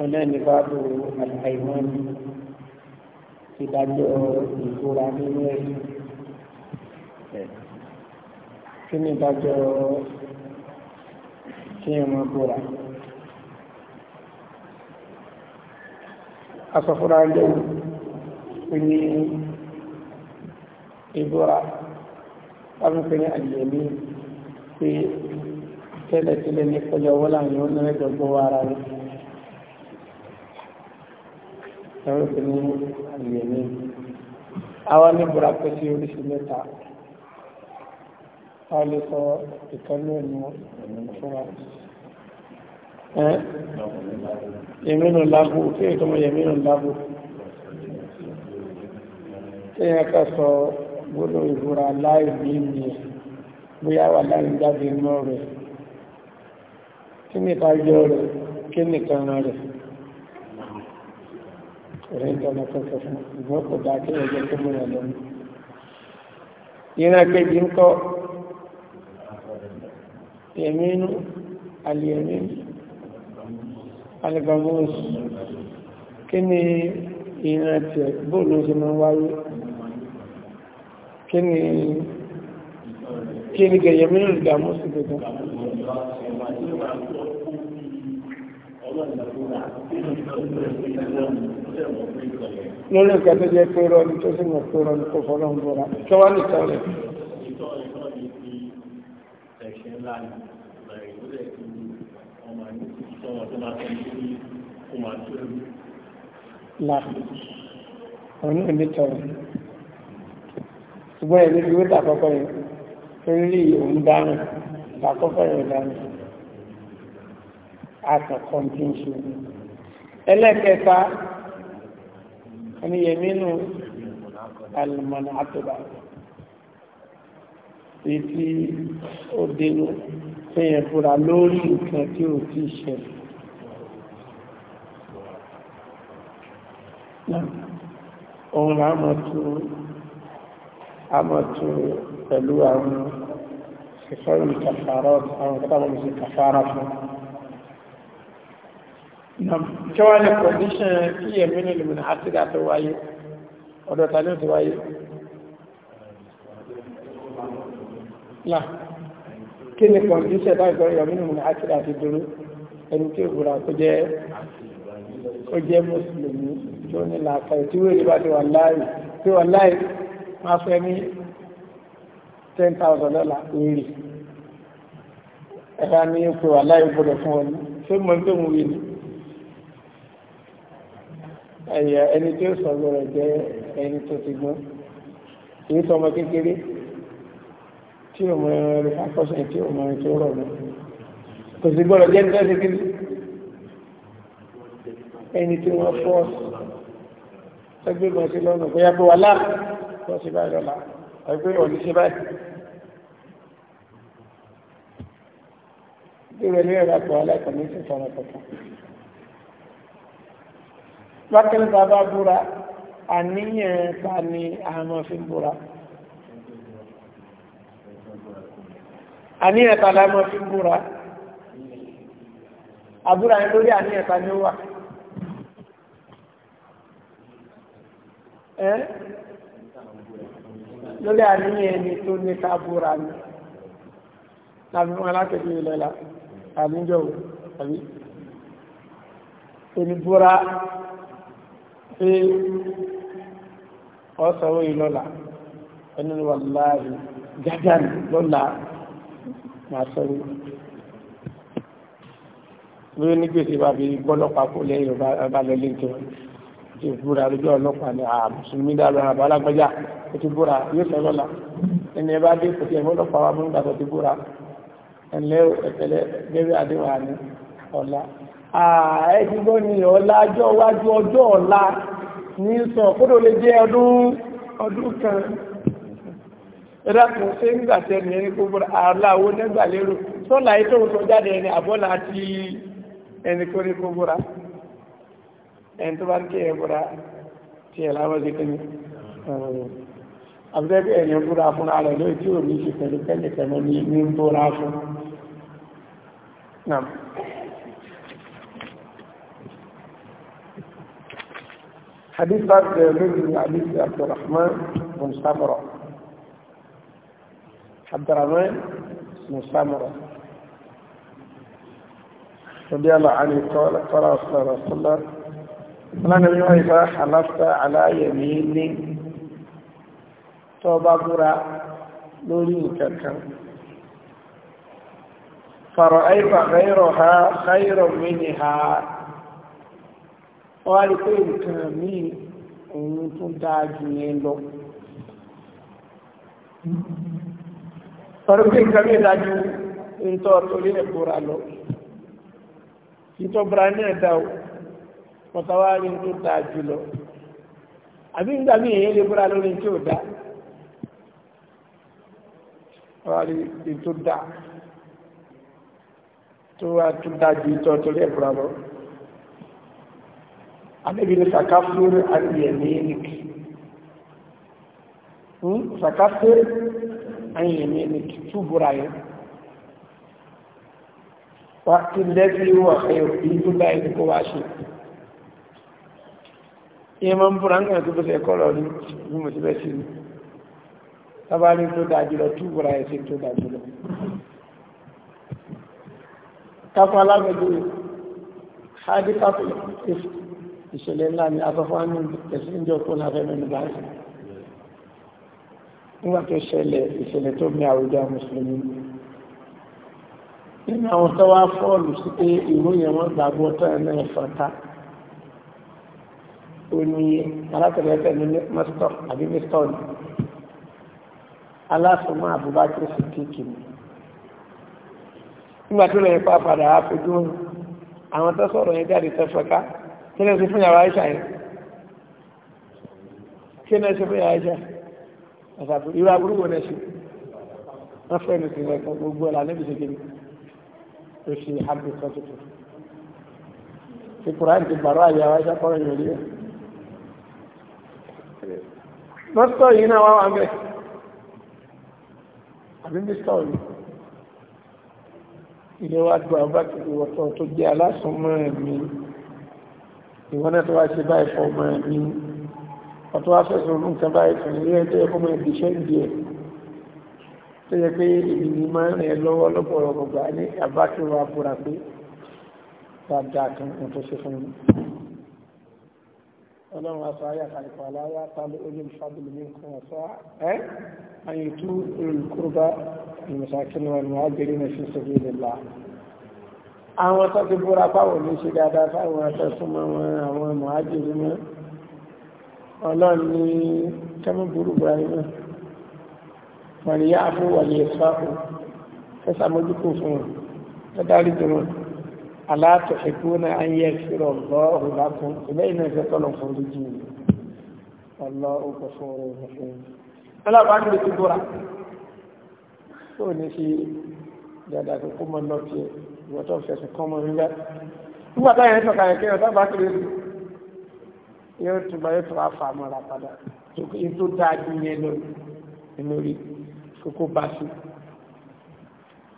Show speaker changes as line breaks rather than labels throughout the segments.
ọ̀nà ní báàbò
àìmọ́ni ìdájọ́ ìfura nínú ẹ̀sìn kí ni ìdájọ́
kí ẹ mọ́ bóra asọ̀fúnra jẹ́ pé ní ìbóra wọ́n fi ní àyẹ̀mí pé tẹ́lẹ̀tẹ́lẹ̀ ní kọjọ owó láàrin ó náà jọ gbówó ara rẹ̀
ẹ̀rọ tó ní àyè ní àwa ní burúkú
sí oríṣi mẹ́ta a lè sọ ìtọ́lú ẹ̀nu fúnra ẹ̀
yẹmínú lágbo kí èyí tó mọ yẹmínú lágbo
kí èyí ká sọ gbọ́dọ̀ ìbúra láì ní ìyẹn bóyá wà láì jáde náà rẹ̀ kí ni ìbájọ́ rẹ̀ kí ni ìtọ́nà rẹ̀ rẹ̀ ìtọ́nà kọ̀ọ̀kọ̀ fún ìgbọ́n kò bá kí ẹjọ́ tó múra lọ́nà ìran kejì ń kọ́ yẹmínú alìyẹmínú alìgbàmọ́sù kí ni ìran tẹ̀ bóòlù ṣe máa wáyé kí ni
kí ni gẹ̀yẹmínú gbogbo lórí nǹkan tó jẹ́
pé rọ́ọ̀lù tó sì mọ̀ pé rọ́ọ̀lù kò fọ́lọ́ ń bọ́ra tó wá ní ìtọ́ rẹ̀. Là, òun ò ní tọrọ. Ṣùgbọ́n ẹ̀mí fi wíta àkọ́kọ́ yẹn, torí rí òun dáhùn, àkọ́kọ́ yẹn dáhùn àtàkọ́ tí ń ṣe ẹlẹ́kẹta ẹni yẹmínú alìmọ̀nà àtọ́bà èyí tí ó dénú fẹ́yẹ̀ fúra lórí nǹkan tí ó ti ṣẹlẹ̀ òun là mọ̀ tún a mọ̀ tún pẹ̀lú àwọn ìfọ́rùn kàfàrọ̀ àwọn kọ́tàbọ̀ mọ̀ sí kàfàrọ̀ fún
un kí wọ́n ní condition kí èmi
ní lùmìnà àtìgà tó wáyé ọ̀dọ̀ ta ní ó ti wáyé là kí ni condition bá gbọ́ yọ̀mí ní lùmìnà àtìgà ti dúró ẹni tí ìwúra kó jẹ́ kó jẹ́ mùsùlùmí tó ní làákà ìtúwé ìbá ti wà láàyè tí wà láàyè máa fẹ́ ní ten thousand dollar wíìlì ẹ̀ka ni ipò wà láàyè gbọ́dọ̀ fún ọ ní ṣé mo ń tó mu wíìlì ẹ̀yà ẹni tí ó sọ lọ́rọ̀ jẹ́ ẹni tó ti gbọ́n kìí sọ ọmọ kékeré tí ò mọ ẹrẹ fàkọsẹ̀ tí ò mọ ẹrẹ tó rọ̀ mọ́ kò sí gbọ́dọ̀ jẹ́ nígbà kékeré ẹni tí wọ́n fọ́ ẹgbẹ́ mọ̀ sí lọ́nà bóyá pé wà láà lọ sí báyìí lọ́la ẹgbẹ́ ò ní sí báyìí. Bí wọ́n ní ẹ̀rọ àpò aláìkọ̀ọ́ ní ìfọ̀rọ̀ kọ̀ọ̀kan bákẹ́lẹ́ bàbá búra àníyàn ta ni àmọ́ fi ń búra àníyàn ta la mọ́ fi ń búra àbúrà yẹn lórí àníyàn ta ni ó wà. lórí àníyàn ẹni tó ní ká búra ni láti wọn alákẹ́kẹ́ ilẹ̀ la àníjọ́ òbí oníbúra pé ọ̀sọ̀wọ́ yìí lọ́la ẹni wà láàrin gádàn lọ́la máa sọ́rọ̀ lórí nígbèsè bá fi gbọ́lọ́pàá kó lẹ́yìn ọba lọ́lé tó ti búra lójú ọlọ́pàá ní àmùsùlùmí ah, dára àbá alágbájá ó ti búra yóò sọ lọ́la ẹni ẹ bá dé kò tiẹ̀ mọ́lọ́pàá wa mú ti búra ẹ̀ńlẹ́ ẹ̀tẹ̀lẹ́ gẹ́gẹ́ adéwà ní ọ̀la ẹ̀ẹ́dìgbọ́n ni ọ̀la ọjọ́ iwájú ọjọ́ ọ̀la ní sọ kódò lè jẹ́ ọdún ọdún kan ẹ̀dá kò ṣe ń gbàtẹ́ ní ẹni gbogbo aláwo nígbà lérò sọ́la ètò òṣọ jáde ẹni àbọ́là ti ẹni tó ní gbogbo ra ẹni tó bá ń kí ẹ̀bùra ti ẹ̀ láwọn ṣe kíni àbúrẹ́bí ẹ̀yàn búra fúnra rẹ̀ lóyè tí ò ní ṣe pẹ̀lú pẹ́lẹ̀kẹ́ mọ́ ní ń búra fún náà حديث عبد من حديث عبد الرحمن بن سمرة عبد الرحمن بن سمرة رضي الله عنه قال قال صلى الله عليه وسلم لنا إذا حلفت على يمين توبة برا لولي كركم فرأيت غيرها خير منها wọ́n á rí pé nǹkan míì òun tún dáa jù yẹn lọ. sọ̀rọ̀ pé nǹkan míì dáa ju ntọ́ torí ẹ̀ bóra lọ. ntọ́ bóra náà dá o pọ̀tà wá rí tó dáa jù lọ. àbí nígbà míì èyí lè bóra lórí tí ò dáa. wọ́n rí tó dáa tó wá tó dáa ju ntọ́ torí ẹ̀ bóra lọ. Ànábì ní sàkáfúrú àyẹ̀mẹ́nìkì hmm? sàkáfúrú àyẹ̀mẹ́nìkì túbúra yẹn wà tí lẹ́bí wà ẹ̀rù ìlú láì ní kó wá ṣe ìmọ̀ ń búra ń gbẹ̀rẹ̀ tó bẹ́sẹ̀ kọ́ lọ ní bí mo ti bẹ́ sí ìṣẹ̀lẹ̀ ńlá ni afẹ́fọ́ ní ẹ̀sìnjọ́ tó ní afẹ́ mẹ́nu bá ṣe nígbà tó ṣẹlẹ̀ ìṣẹ̀lẹ̀ tó mi àwùjọ mùsùlùmí nínú àwọn tó wá fọ́ọ̀lù sí pé ìlú yẹn wọ́n gbàgbọ́ tó ẹ̀ náà fọ́ta ó ní alátẹ̀lẹ́tẹ̀ ní mẹ́tọ́ àbí mẹ́tọ́ ni aláfọmọ́ Abubakar Sìdíkì ni nígbà tó lẹ́yìn pàápàá àwọn tó sọ̀rọ̀ yẹn jáde tẹ́fẹ́ká kí ni ẹ ṣe fún yàrá Aisha yẹn kí ni ẹ ṣe fún yàrá Aisha àtàbí irú aburú wo ni ẹ ṣe wọ́n fẹ́ ní sinmi ẹ̀ka gbogbo ọ̀la níbi ṣe kiri ó ṣe àbí kan tuntun ṣe Kùránì ti bàrọ̀ àyè àwọn Aisha kọ́rọ̀ yìí lórí ẹ̀ lọ́sítọ̀ yìí náà wá wà ń bẹ̀ àbí mísítọ̀ yìí ilé wa gba ọba kìlú ọ̀tọ̀ tó jẹ́ alásùnmọ́ ẹ̀mí ìwọ́n náà tó wá ṣe báyìí fọ́ ọmọ ẹ̀ ní ọ̀tọ́ wá fẹ́sọ̀ ọdún kan báyìí fún ilé ẹjọ́ ẹ̀kọ́ mọ́ ẹ̀dì iṣẹ́ ìdí ẹ̀ tó yẹ pé èmi ni máa ń rìn ẹ lọ́wọ́ lọ́pọ̀lọpọ̀ gbà ní àbákẹ́wò àbúrà pé dáadáa kan ohun tó ṣe fún mi ọlọ́run aṣọ ayé àkàlẹ̀kọ̀ aláyá tàbí olùfàbílì ní nǹkan ọ̀sá ẹ́ àyètú olùkúrúbá ìmọ̀sákínú ẹnu àgbèrè náà fi ìdẹ̀lá àwọn tó ti búra fáwọn ní ṣe dáadáa fáwọn àtẹ́súnmọ́ wọn àwọn mọ̀hájìrí mọ́ ọlọ́run ní kẹ́mọ́bùrú buhari náà wọ̀nyá àfúwọ̀lì ìfáàkù fẹ́sà mójúkù fún wọn lọ́dárí jù wọn aláàtọ̀ ẹ̀kú náà á ń yẹ ìfìrọ̀ gbọ́ ọ̀hún lákùn ìwọ́n tó fẹ̀sìn kọ́ mọ́ nígbà nígbà táyà ń tọ́ka ẹ̀kẹ́ ọ̀tá bá kiri lù yóò tún bá yóò tún wá fà á mọ́ra padà tó dáa ju yẹn lọ nínú rí kókó bá sí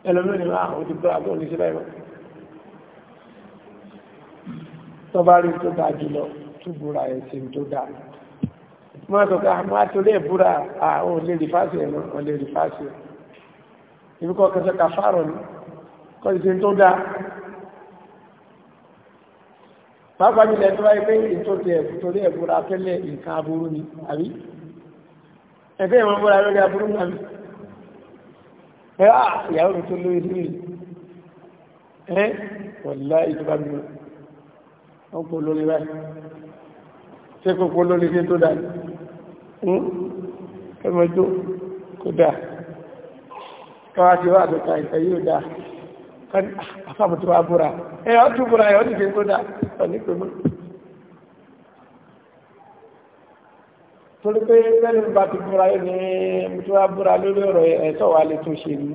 ẹlòmíràn máa àwọn ti gbọ́ àgbọ̀ oníṣẹ́ báyìí tó bá rí tó dáa jù lọ tó búra ẹ̀sìn tó dáa máa sọ pé àwọn àtúndé ìbúra àwọn ò lè ẹ̀ náà ò lè rí fáṣẹ̀ ẹ̀ ibi kọ́ kẹsẹ̀ ni kọ́sìtì tó dáa pàápàá jùlọ ẹ̀tọ́ wáyé pé ètò ti ẹ̀bù torí ẹ̀bùra tẹ́lẹ̀ nǹkan aburú ni àbí ẹ̀fẹ́ ìwọ̀n búra lórí aburú náà mi ẹ á ìyàwó mi tó lórí sí mi ẹ wọ̀lá ìjọba mi wọ́n kó lórí báyìí ṣé kò kó lórí sí tó dáa ní hm? ẹmọ tó kó dáa káwá ti wá àtúntà ìfẹ́ yóò dáa kan àfàmùtò wa búra ẹ ọ tún búra ẹ ọ nìkan kó dá ọ ní pẹ̀lú. torí pé lẹ́nu bá ti búra yìí ní mùtò wa búra lórí ọ̀rọ̀ ẹ̀tọ́ wa lè tún ṣe ni.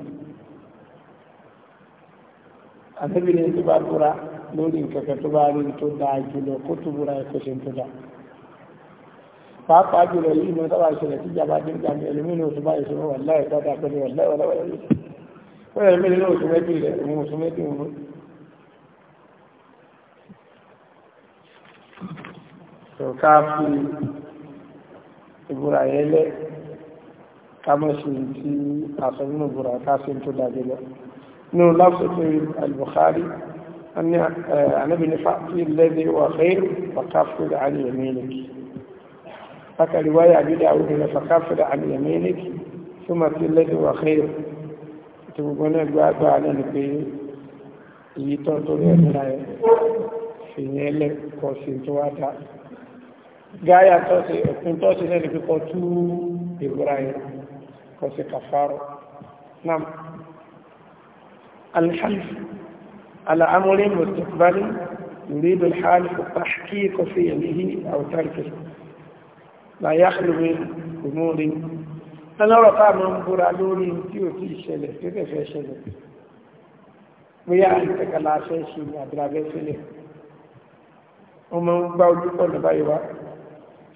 àtẹ́bí ni tó bá búra lórí nǹkan tó bá rí tó dáa jùlọ kó tó búra ẹ̀ kó ṣe tó dáa pàápàá jùlọ yìí ni wọ́n sábà ṣẹlẹ̀ tíjà bá dé ń gbàgbé ẹlòmínú tó bá ìṣòro wà láì dáadáa pẹ̀lú wà láì fẹ́rẹ̀ mẹ́rin náà oṣù méjì rẹ̀ òun oṣù méjì òun tó ká fi ìbúra yẹn lẹ́ ká mọ̀ sí ti àsọ̀nù ìbúra ká sí tó dàbí lọ nínú lápẹ̀tẹ̀ al-Bukhari anábì ní fàtí lẹ́dí wà khair wà káfíìrì àní yaminik haka riwaya bí dáwọ́ ní fàkáfíìrì àní yaminik súnmọ́ sí wà khair àti gbogbo náà gbọ́ agbára náà ni pé èyí tó torí ẹ̀mìnà ẹ̀ fìyìn ẹlẹ́ kọ̀ sí tó wá dá gáyà tọ́sí òpin tọ́sí náà ni pípọ̀ tú ìgbòrà ẹ̀ kọ̀ sí kàfàrọ̀ nam alhalf على أمر مستقبلي يريد الحالف التحقيق في يمه أو تركه لا يخلو ọlọ́rọ̀ ká máa ń búra lórí tí ò tí ìṣẹ̀lẹ̀ tí ó fẹ́ ṣẹlẹ̀ bóyá ìtẹ̀kàlà aṣẹ́ ṣe ní àdìràbẹ́ sílẹ̀ wọ́n máa ń gbá ojúkọ̀ lọ́bá ìwá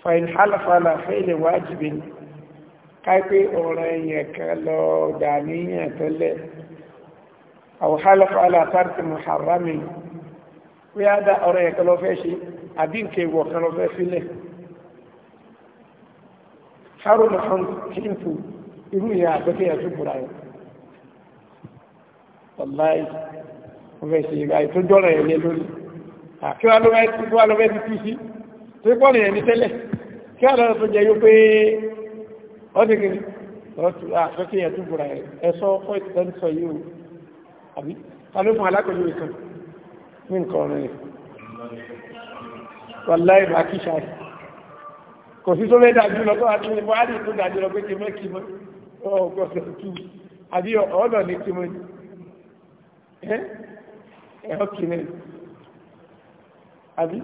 fain halafala fẹ́lẹ̀ wájìbí káípé ọ̀rọ̀ ẹ̀yìn kan lọ dàníyàn tẹ́lẹ̀ àwọn halafala tàbí muharrami bóyá ọ̀rọ̀ ẹ̀yìn lọ fẹ́ ṣe àbí nkèwọ̀ kan lọ fẹ́ sílẹ̀ haruna han hinfu irú ìyá àgbẹ̀kẹ́ yà tún bùra yẹn wàláì wọ́n fẹ́ ṣe ìgbà tó dọ́rọ̀ yẹn lé lórí kí wọ́n lọ fẹ́ ti tú sí tó pọ̀ nìyẹn ní tẹ́lẹ̀ kí wọ́n lọ tó jẹ yóò pé wọ́n ti kiri àgbẹ̀kẹ́ yà tún bùra yẹn ẹ̀sọ́ fọ́ ìtẹ́ni sọ yìí o àbí ta ló fún alákòjú ìtàn ní nǹkan ọ̀rọ̀ yẹn
wàláì bá kí ṣáà
kò sí tó lé dájú lọ tó wà tún ibò àdì tó dájú lọ pé kí mọ́ kí mọ́ ọgbọ́ sọ̀tù àbí ọ̀nà ní kí mọ́ ní ẹ̀họ́ kí mọ́ àbí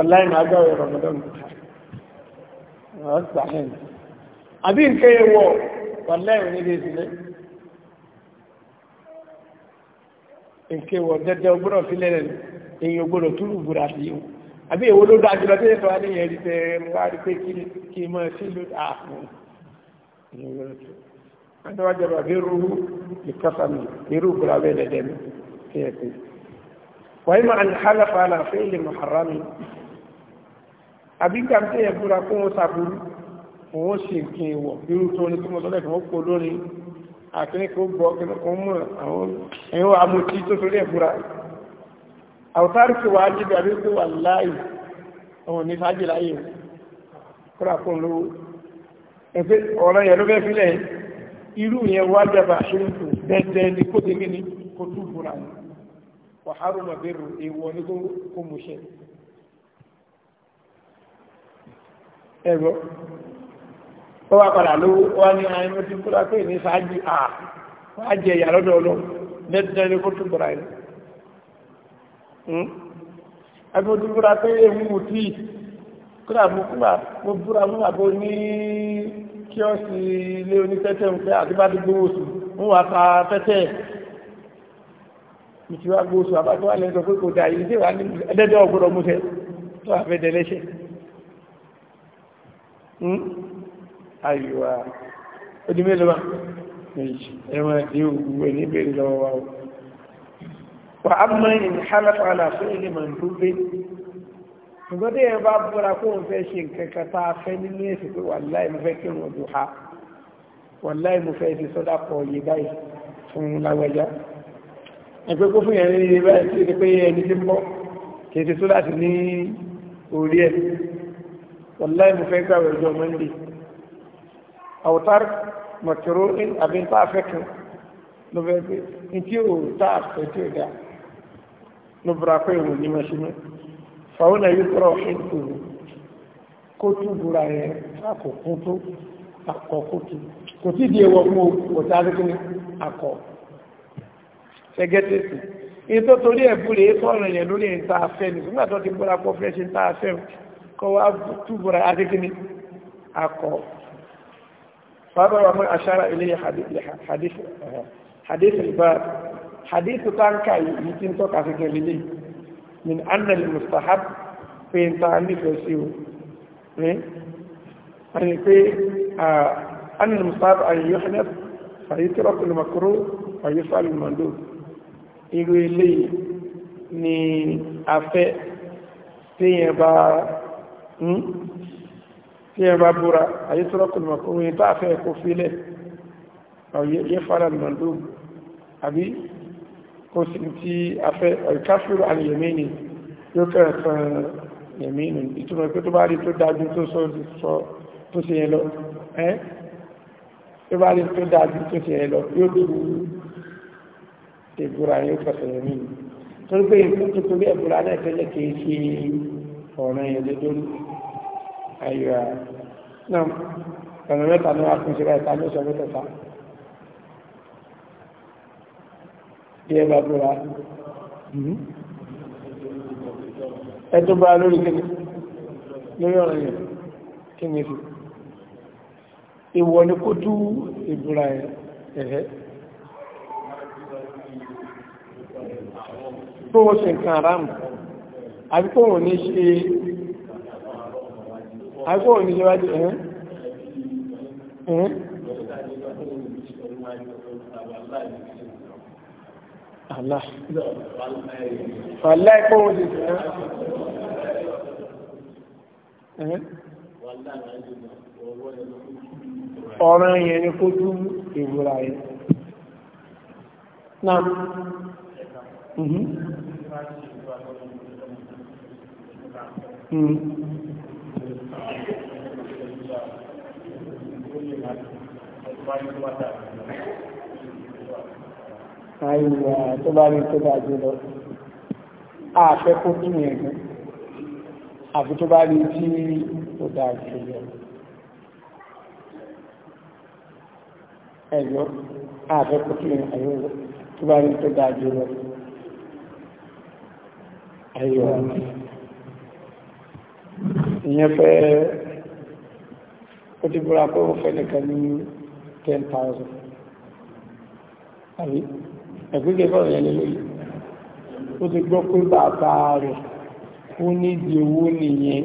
ọ̀láì máa gbọ́ ẹ̀rọ mọ́dọ́nù ọ̀sà hẹ́n àbí nǹkan ẹ̀wọ̀ ọ̀láì ní ilé ìsìlẹ̀ nǹkan ẹ̀wọ̀ dẹ́dẹ́ ọgbọ́n sílẹ̀ rẹ̀ èèyàn gbọ́dọ̀ túrù búra sí o àbí èwo ló dájú lọ tẹ́lẹ̀ tó wá níyẹn rí tẹ́ ẹ wá rí pé kí kí mọ sí ló dà fún èèyàn gbọ́dọ̀ tó wọn tó wá jọba bí irú ìkọsà mi irú búra bẹ́ẹ̀ dẹ́dẹ́ mi kí ẹ pé. fún wọn sàbúrú òun ṣe nǹkan ìwọ̀ irú tó ní tí mo fún ọkọ̀ lórí àkíníkò gbọ́ kí wọ́n mú àwọn ẹ̀yọ́ amútí tó torí ẹ̀búra àwòtárì ti wà á jíbi àbí pé wà láàyè ọmọ ní fàájì láyè o kúrà fún lówó ẹgbẹ́ ọ̀rọ̀ yẹn ló fẹ́ filẹ̀ irú yẹn wá jábà àṣírí tó dẹ́dẹ́ ní kó tẹ́lẹ̀ ní kó tú bùrà ní wàhálù màbẹ́rù èèwọ̀ ní kó mú ṣe ẹ̀rọ ó wá padà lówó wá ní àyẹ̀mọ́ pé ní fàájì à fàájì ẹ̀yà lọ́dọ̀ ọlọ́ ní kó tú bùrà ní. Hmm? ẹbí mo ti búra pé ewu mo tí kúrà mo kúrà mo búra mo wà bó ní kíọ́sì ilé onífẹ́tẹ̀ ń pẹ́ àdébádé gbowó sùn mo wà ta fẹ́tẹ̀ mo ti wá gbowó sùn àbájọ́ wà lẹ́nu sọ pé kò dà yìí ṣé wà ní ẹlẹ́dẹ́ ọ̀gbọ́dọ̀ mo tẹ tó wà fẹ́ dẹ́lẹ́ṣẹ̀ hmm? ayiwa ó di mélòó wa ẹ̀wọ̀n ẹ̀dín òwú ẹ̀ níbẹ̀rẹ̀ lọ́wọ́ wa o wà á mọ ìhálàfà àlàfo ìlú mọ̀lúbẹ́ ṣùgbọ́n tí ẹ bá búra kó ń fẹ́ ṣe nǹkan kan tá a fẹ́ nínú ẹ̀sìn pé wàláì mo fẹ́ kí wọn dùn ha wàláì mo fẹ́ ṣe sọ́dà pọ̀ yé báyìí fún lágbájá ẹgbẹ́ kó fún yẹn ní ilé báyìí tí ó pé ẹni tí ń bọ́ kì í ṣe sọ́dà sí ní orí ẹ̀ wàláì mo fẹ́ gbàwẹ̀ ọjọ́ mọ́ndé àwòtár mọ̀tòrò àbí tá a fẹ́ kan ló fẹ́ pé ní tí ò tá a fẹ́ tí ò dáa ló búra pé ìrò ní mẹ́ṣinú fàwọn ẹ̀yí tọrọ ètò kó tún búra yẹn àkókún tó àkọ́kó tó kò tí di ewọ̀ mú òtá arúgbìn akọ ṣẹgẹ́tẹ̀sì ètò torí ẹ̀bùrè ètò ọ̀rọ̀ yẹn lórí ìta afẹ́ nì nígbà tó ti búra pọ̀ fẹ́ ṣe ń ta afẹ́ kọ́ wá tún búra arúgbìn akọ fàbáwá mọ́ aṣára ilé hadith ìbára hadithu tanka yìí tí ń tọ́ka sí kẹlẹ́lẹ́ min annal mustahab pé ń ta nífẹ̀ẹ́ sí o ní ẹni pé annal mustahab ayé yóò hẹ́nẹ́ fàyí tí rọ́pù lè makoro fàyí fàlù màndó irú ilé ni afẹ́ tí yẹn bá tí hmm? yẹn bá búra ayé tí rọ́pù lè makoro yẹn tá afẹ́ kó filẹ̀ fàyí fàlù màndó àbí kò sí tí a fẹ́ ọ̀ìkáfíru àlìyẹ̀mínì yóò kẹ́rẹ̀ kan yẹ̀mínì ìtumọ̀ pé tó bá rí tó dájú tó sọ tó ṣe yẹn lọ ẹ́ tó bá rí tó dájú tó ṣe yẹn lọ yóò tó ìbúra yóò kẹsẹ̀ yẹ̀mínì torí pé ìfún tuntun bí ẹ̀bùra náà tẹ́lẹ̀ kìí ṣe ọ̀ràn yẹn lé lórí ayọ̀ náà ọ̀nà mẹ́ta ni wọ́n á fún ṣe báyìí ta ló sọ mẹ́tẹ̀ta bí ẹ bá búra
ẹ tó bá lórí
kíni lórí ọ̀rọ̀ yẹn kí ni fi ìwọ ni kó tú ìbúra yẹn ẹ̀hẹ́
tó wọ́n ṣe nǹkan àrámù àbí kó wọ́n ní ṣe àbí ní ṣe wájú ẹ̀hẹ́ ẹ̀hẹ́ àlá àlá ẹ̀kọ́ wọn ti sìn án.
ọ̀ràn yẹn ni kó tún ìwúra yẹn.
náà Thank mhm. you. Mhm
àìyà tó bá rí tó bá jù lọ àfẹ́ kó kí ni ẹ̀gbọ́n àfi tó bá rí tí ó dá jù lọ ẹ̀yọ́ àfẹ́ kó kí ni ẹ̀yọ́ tó bá rí tó dá jù lọ ẹ̀yọ́ ìyẹn fẹ́ ó ti búra pé ó fẹ́ nìkan ní 10,000 àbí ẹ̀gbẹ́gbẹ́ bọ́ọ̀ yẹn lélẹ́yìí ó ti gbọ́ pé bàbá rẹ̀ ó ní ìdí owó nìyẹn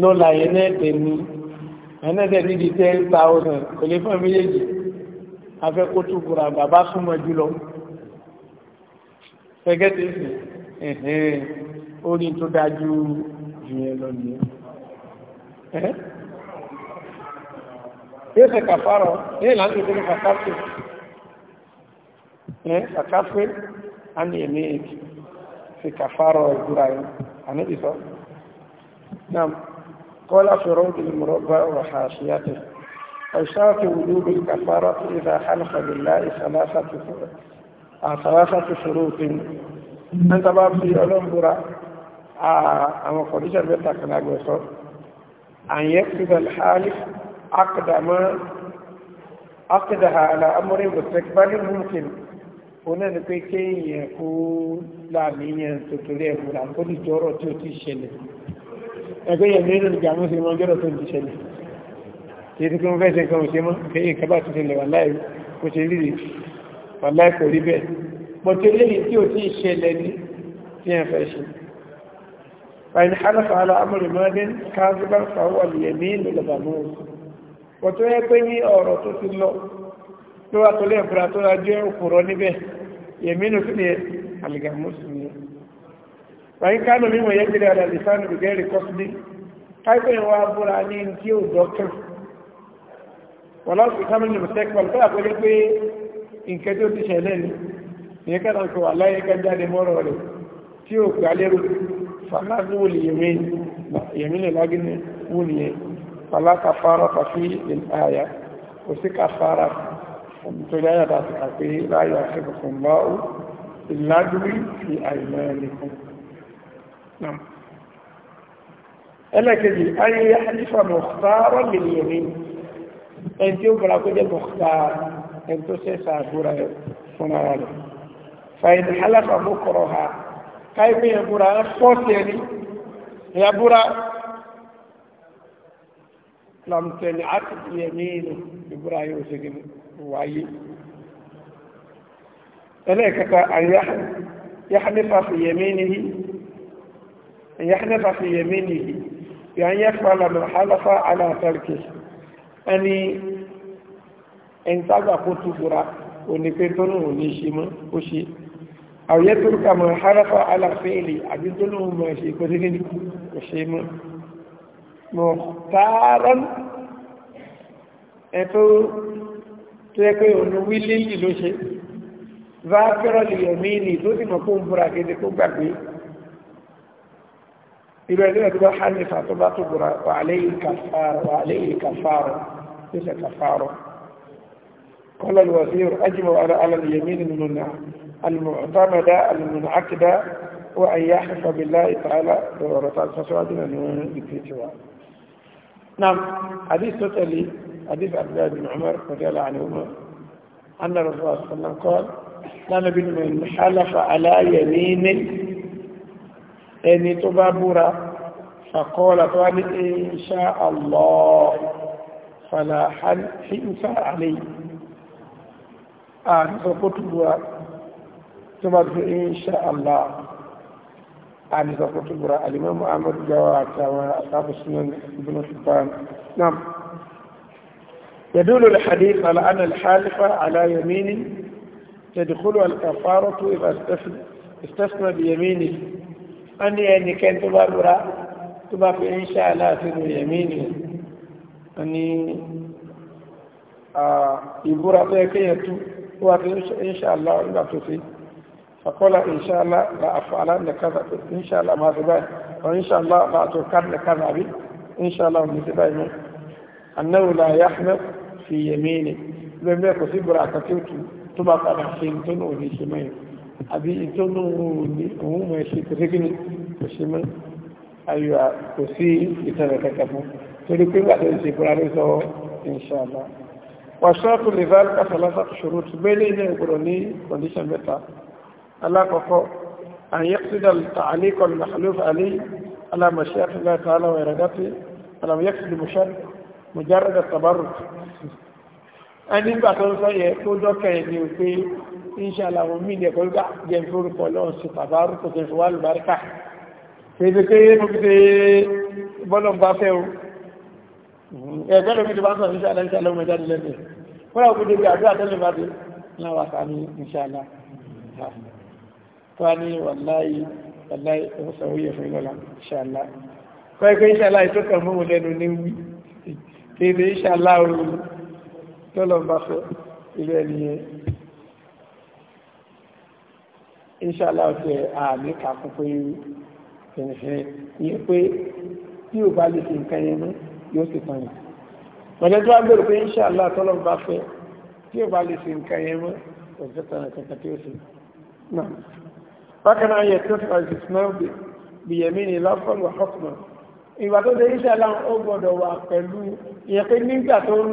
lọ́la yẹn nẹ́ẹ̀tẹ̀ ní ẹ̀nẹ́tẹ̀ ní di ten thousand kò lè fún méjèèjì afẹ́ kó tún kura bàbá súnmọ́ jùlọ gẹ́gẹ́ tí sì ẹ̀hẹ́n ó ní tó dájú jù yẹn lọ nìyẹn ẹ́ yóò ṣe kàfárọ̀ yóò láti ṣe ní fàkàfé a ní èmi èkì fi kàfàrọ̀ ìgbúra yìí àníbi sọ náà kọ́lá fẹ̀rọ̀ òdìlì mọ̀rọ̀bá wà ha ṣíyàtẹ̀ ọ̀ṣáàtì wùdúgbì kàfàrọ̀ tó ìdá alfàdìlá ìsàlásàtì fòrò òfin ní tàbá fi ọlọ́mbúra àwọn kọ̀díṣà mẹ́ta kan agbẹ̀sọ́ àyẹ́ fìdàl hálif akdàmọ́ akdàhà àlà amúrí mùsẹ̀kbálì mùmkìn onáni pé kéèyàn kó láàmìyàn tòtòrí ẹ̀kùnrà kó ní jọ́rọ̀ tí ó ti ṣẹlẹ̀ ẹgbẹ́ yẹn mẹ́rin ní ìjàmú sí mọ́ jọ́rọ̀ tó ti ṣẹlẹ̀ kí ní kí wọ́n fẹ́ ṣe nǹkan òṣè mọ́ kéèyàn kábà tó ṣẹlẹ̀ wà láì kó ṣe ti ṣẹlẹ̀ حلف على أمر ماد كاذبا فهو اليمين للغموس وتويقني أورطة الله ló wá tọ́lé ìfura tó ra jẹ́ òkúrọ̀ níbẹ̀ yẹ̀mínú sí ni àlìgàmúsù ni wàyí kánú mímọ̀ yẹ́ jẹ́rẹ̀ àdàlìsánù gẹ̀ẹ́rì kọ́sídé káìpẹ́ ìwọ abúra ní tí ó dọ́kẹ́ wọ́lọ́sì kánú ní mùsẹ́kọ̀ tó àpẹẹrẹ pé nǹkan tó ti ṣẹlẹ̀ ni ìyẹ́ kánú kò wà láyé kájáde mọ́rọ̀ rẹ̀ tí ó gbà lérò fàlásì wò lè yẹ̀mí lè lágínú wò nìyẹn nítorí ayàtà ti kàpé láyé àṣẹ́kùnkùn bá ó ìlàdúrí fi àìmọ́ ẹnìkan ẹlẹ́kẹ̀ẹ́jì ayé halifa mọ̀kútàárọ̀ lè yẹ̀mí ẹni tí ó bọ̀rọ̀ kó jẹ́ mọ̀kútàárọ̀ ẹni tó sẹ́sà àbúrà rẹ̀ fún ara rẹ̀ fàyẹ̀dì halafa mú kọ̀rọ̀ ha káyẹ̀mí ẹ̀búra pọ́ọ̀sì ẹni lọ́mtẹ̀lẹ̀ wáyé ẹlẹ́ẹ̀kẹta àyáhánẹ́fà fìyẹ̀mí nìyí ẹ̀yáhánẹ́fà fìyẹ̀mí nìyí ìyáyẹ́fà lọ́nà hálọ́fà aláàtàrkì ẹni ẹ̀ntàgbà kó túbúra onípe tó nù ní ṣe mọ́ ó ṣe àwòyẹ́ tó rúkà mọ̀ hálọ́fà aláàfẹ́ẹ̀lì àbí mọ̀ ṣe pẹ́sẹ́gẹ́ni tó yẹ pé òun wílílì ló ṣe bá fẹ́rọ̀ lè yẹ̀mí ni tó sì mọ̀ kó ń búra gidi kó gbàgbé irú ẹni ẹ̀dúgbà hanifa tó bá tó búra wà léyìn kàfàrọ̀ wà léyìn kàfàrọ̀ tó ṣe kàfàrọ̀ حديث عبد الله بن عمر رضي الله عنهما أن الرسول صلى الله عليه وسلم قال لا نبي من حلف على يمين أن تبابرا فقال قال إن شاء الله فلا في حلف عليه آه فقلت ثم إن شاء الله أن فقلت الإمام أحمد جواد وأصحاب السنن ابن حبان نعم يدل الحديث على أن الحالفة على يمين تدخل الكفارة إذا استثنى استثنى بيمينه أن يعني كان تبرر تبقى في إن شاء الله في يمينه أني آه يبرر في كيتو إن شاء الله لا تفي فقال إن شاء الله لا أفعل كذا إن شاء الله ما تبقى وإن شاء الله لا تكرر كذا بي إن شاء الله ما تبقى أنه لا يحمل fi yẹmí ni bẹ́ẹ̀ kò sí bọ̀rọ̀ àkàtí òtù tó bá padà ṣe tó náà ní ṣe mẹ́rin àbí tó náà ní òun mọ̀ ṣe kò sí kí ni kò ṣe mọ́ ayò kò sí ìtẹ̀rẹ̀ kẹta fún torí pé wà lórí ṣe bọ̀rọ̀ lórí sọ inṣàlá wàṣọ́ọ̀tù lè bá kásàlá ṣòro tó gbélé ilé ìgbòrò ní kọ̀ndíṣàn mẹ́ta alákọ̀ọ́kọ́ أن يقصد التعليق المحلوف عليه على مشيئة الله تعالى وإرادته ولم يقصد مجرد التبرك nígbà tó ń sọ yẹ tó dọ́kẹ̀rẹ̀ ni pé inṣàlá wọn mí nìyẹn pẹ̀lú jẹ́ forúkọ lọ́n sí bàbá rúkọ tó fi wá lùbáríkà pèsè pé mo fi ṣe bọ́lọ̀ ń bá fẹ́ o ẹgbẹ́ lómi tó bá ń sọ inṣàlá inṣàlá ọmọ ìjáde lẹ́nu fúnra òkú débi àdúrà tẹ́lẹ̀ bá dé náà wà ní inṣàlá tó wá ní wàláyé wàláyé ọ̀sán òye fún ìlọ́la inṣàlá kọ́ tọ́lọ́n bá fẹ́ ilé ẹni yẹn inṣàlá ọ̀tẹ̀ àmì kàkún pé ẹ̀hìn yẹn pé tí ò bá lè fi nǹkan yẹn mú yóò sì tán yìí mọ̀lẹ́ tó wá gbèrò pé inṣàlá tọ́lọ́n bá fẹ́ tí ò bá lè fi nǹkan yẹn mú òṣìṣẹ́ tán kankan tí ó sì náà bákan náà yẹ tó fà sí sinọ́ọ̀bì bìyẹ̀mí ni lọ́fọ̀lù àkọ́kùnrin ìgbà tó dé inṣàlá ó gbọ́dọ̀ wà pẹ̀lú ìyẹn nígbà tó ń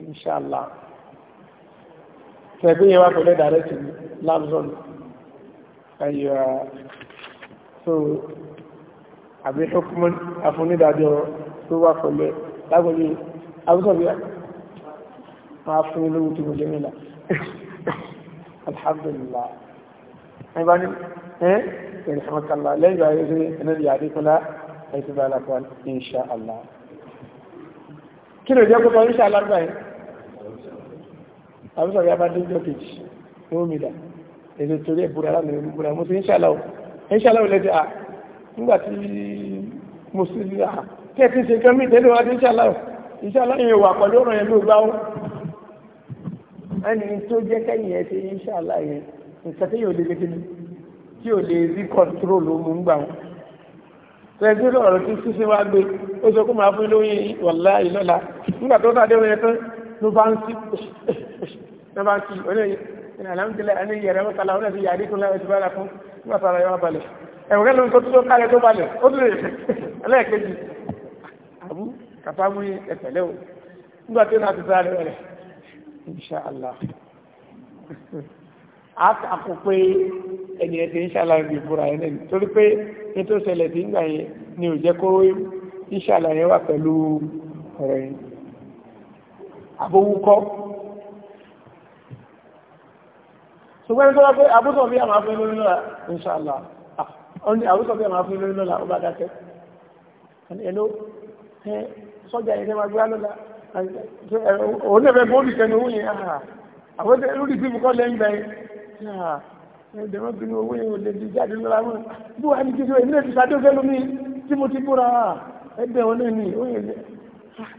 inṣàlá tẹ̀gbé yẹn wá pẹ̀lú ìdàrẹ́tì ní lamson ayọ̀ so àbí hukumun afúnidàjọ tó wá pẹ̀lú lágbẹ̀lú abúsọ̀bí máa fún ilé wùtí mo jẹ́mìlá alhamdulillah ẹgbà ní ẹ́ ìrìnàmọ́kànlá lẹ́yìn àyẹ́sí ẹ̀nẹ́dì àdíkúnlá ẹ̀sùbà alákọ̀ọ́ inṣàlá kí ló jẹ́ kó tọ́rí ṣe alárúbá yìí àbúsọ̀ ya bá díjọ́ kejì ní omi dà èdè torí ẹ̀bùrà lánàá ìbúra mo ti insha Allah insha Allah lẹ́jọ́ à nígbà tí mo sì rí àà kí ẹ ti ṣe kan mí tẹ́lẹ̀ wá sí insha Allah insha Allah yẹn wà pẹ̀lú ọ̀rọ̀ yẹn ló gbá ó ẹni tó jẹ́ kẹ́yìn ẹ ti insha Allah yẹn nǹkan tí yóò lè lè kí ni tẹ́gbẹ́ lọ́rọ̀ tí sísí wá gbé ó sọ kó máa fún lóyún wọ̀lá ìlọ́la nígbà tó bá déwọ̀n ẹ̀tọ́ ló bá ń sí ló bá ń sí oníyẹ alhamdulilayi ẹni yẹrẹ mọ́tàlá ọ̀nà ti yàrí kúnlẹ̀ ẹ̀sìn bára fún nígbà tó ara yọ balẹ̀ ẹ̀wọ̀n kẹ́lẹ́ tó tó kálẹ̀ tó balẹ̀ ó tún lè ẹlẹ́ẹ̀kejì àbú kàfáàmù ẹ̀tẹ̀lẹ́ o nígbà tó náà ti sáré rẹ̀ inṣàlá àkàkù pé ẹni ẹ̀ ti ń ṣàlàyé bí ìbúra ẹ̀ lẹ́nu torí pé ní tó ṣẹlẹ̀ sí ìgbà yẹn ni ò jẹ́ kó ń ṣàlàyé wà pẹ̀lú ọ̀rọ̀ yẹn àbówúkọ́ ṣùgbọ́n tó wá pé àbúsọ̀ bí àwọn afẹ́ lórí náà inṣàlá àbúsọ̀ bí àwọn afẹ́ lórí náà ó bá dákẹ́ ẹ̀ló sọ́jà ẹ̀ṣẹ́ máa gbá lọ́la òun ẹ̀fẹ́ bóòlù kẹnu òun yẹn àwọn ẹ̀lórí sí ìbùkọ́ lẹ́yìn bẹ́ẹ̀ ẹ̀dẹ̀mọ́ bí ní owó yẹn ò lè di jáde lọ́la mọ́ bí wàá ní kíkọ́ ìmílẹ̀ ti sàdé fẹ́lú mi tí mo ti kúra ẹgbẹ́ wọn náà ní ó yẹ lẹ́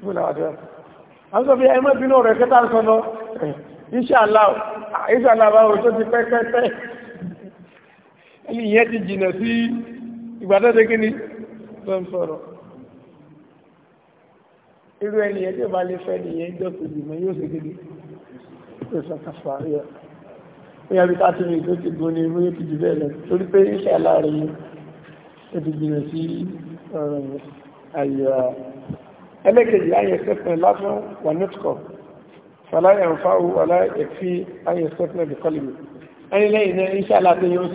gbọ́dọ̀ ah, wà dẹ́ àwọn sọ fi ẹ má bínú ọ̀rọ̀ ẹ̀kẹ́ta ń sọ lọ ìṣàlá ìṣàlá ah, bá wò tó ti pẹ́ pẹ́ pẹ́ ẹni yẹn ti jìnà sí ìgbà tó ṣe kíni tó ń sọ̀rọ̀ irú ẹni yẹn tí ò bá lè fẹ́ nìyẹn jọ́ bóyá bí káàtì ní ìgbó ti gbó ní bóyá ti jù bẹ́ẹ̀ lọ torí pé iṣẹ́ aláàrin ó ti gbìyànjú sí ọ̀rọ̀ um, ayọ̀ ẹlẹ́kẹ̀jì ayẹ̀ sẹ́fẹ̀ lásán wà nẹ́tùkọ̀ fàlàyé ń fáwọ́ aláyẹ̀ fi ayẹ̀ sẹ́fẹ̀ bí kọ́lìbì ẹni lẹ́yìn náà iṣẹ́ aláàbẹ̀ yóò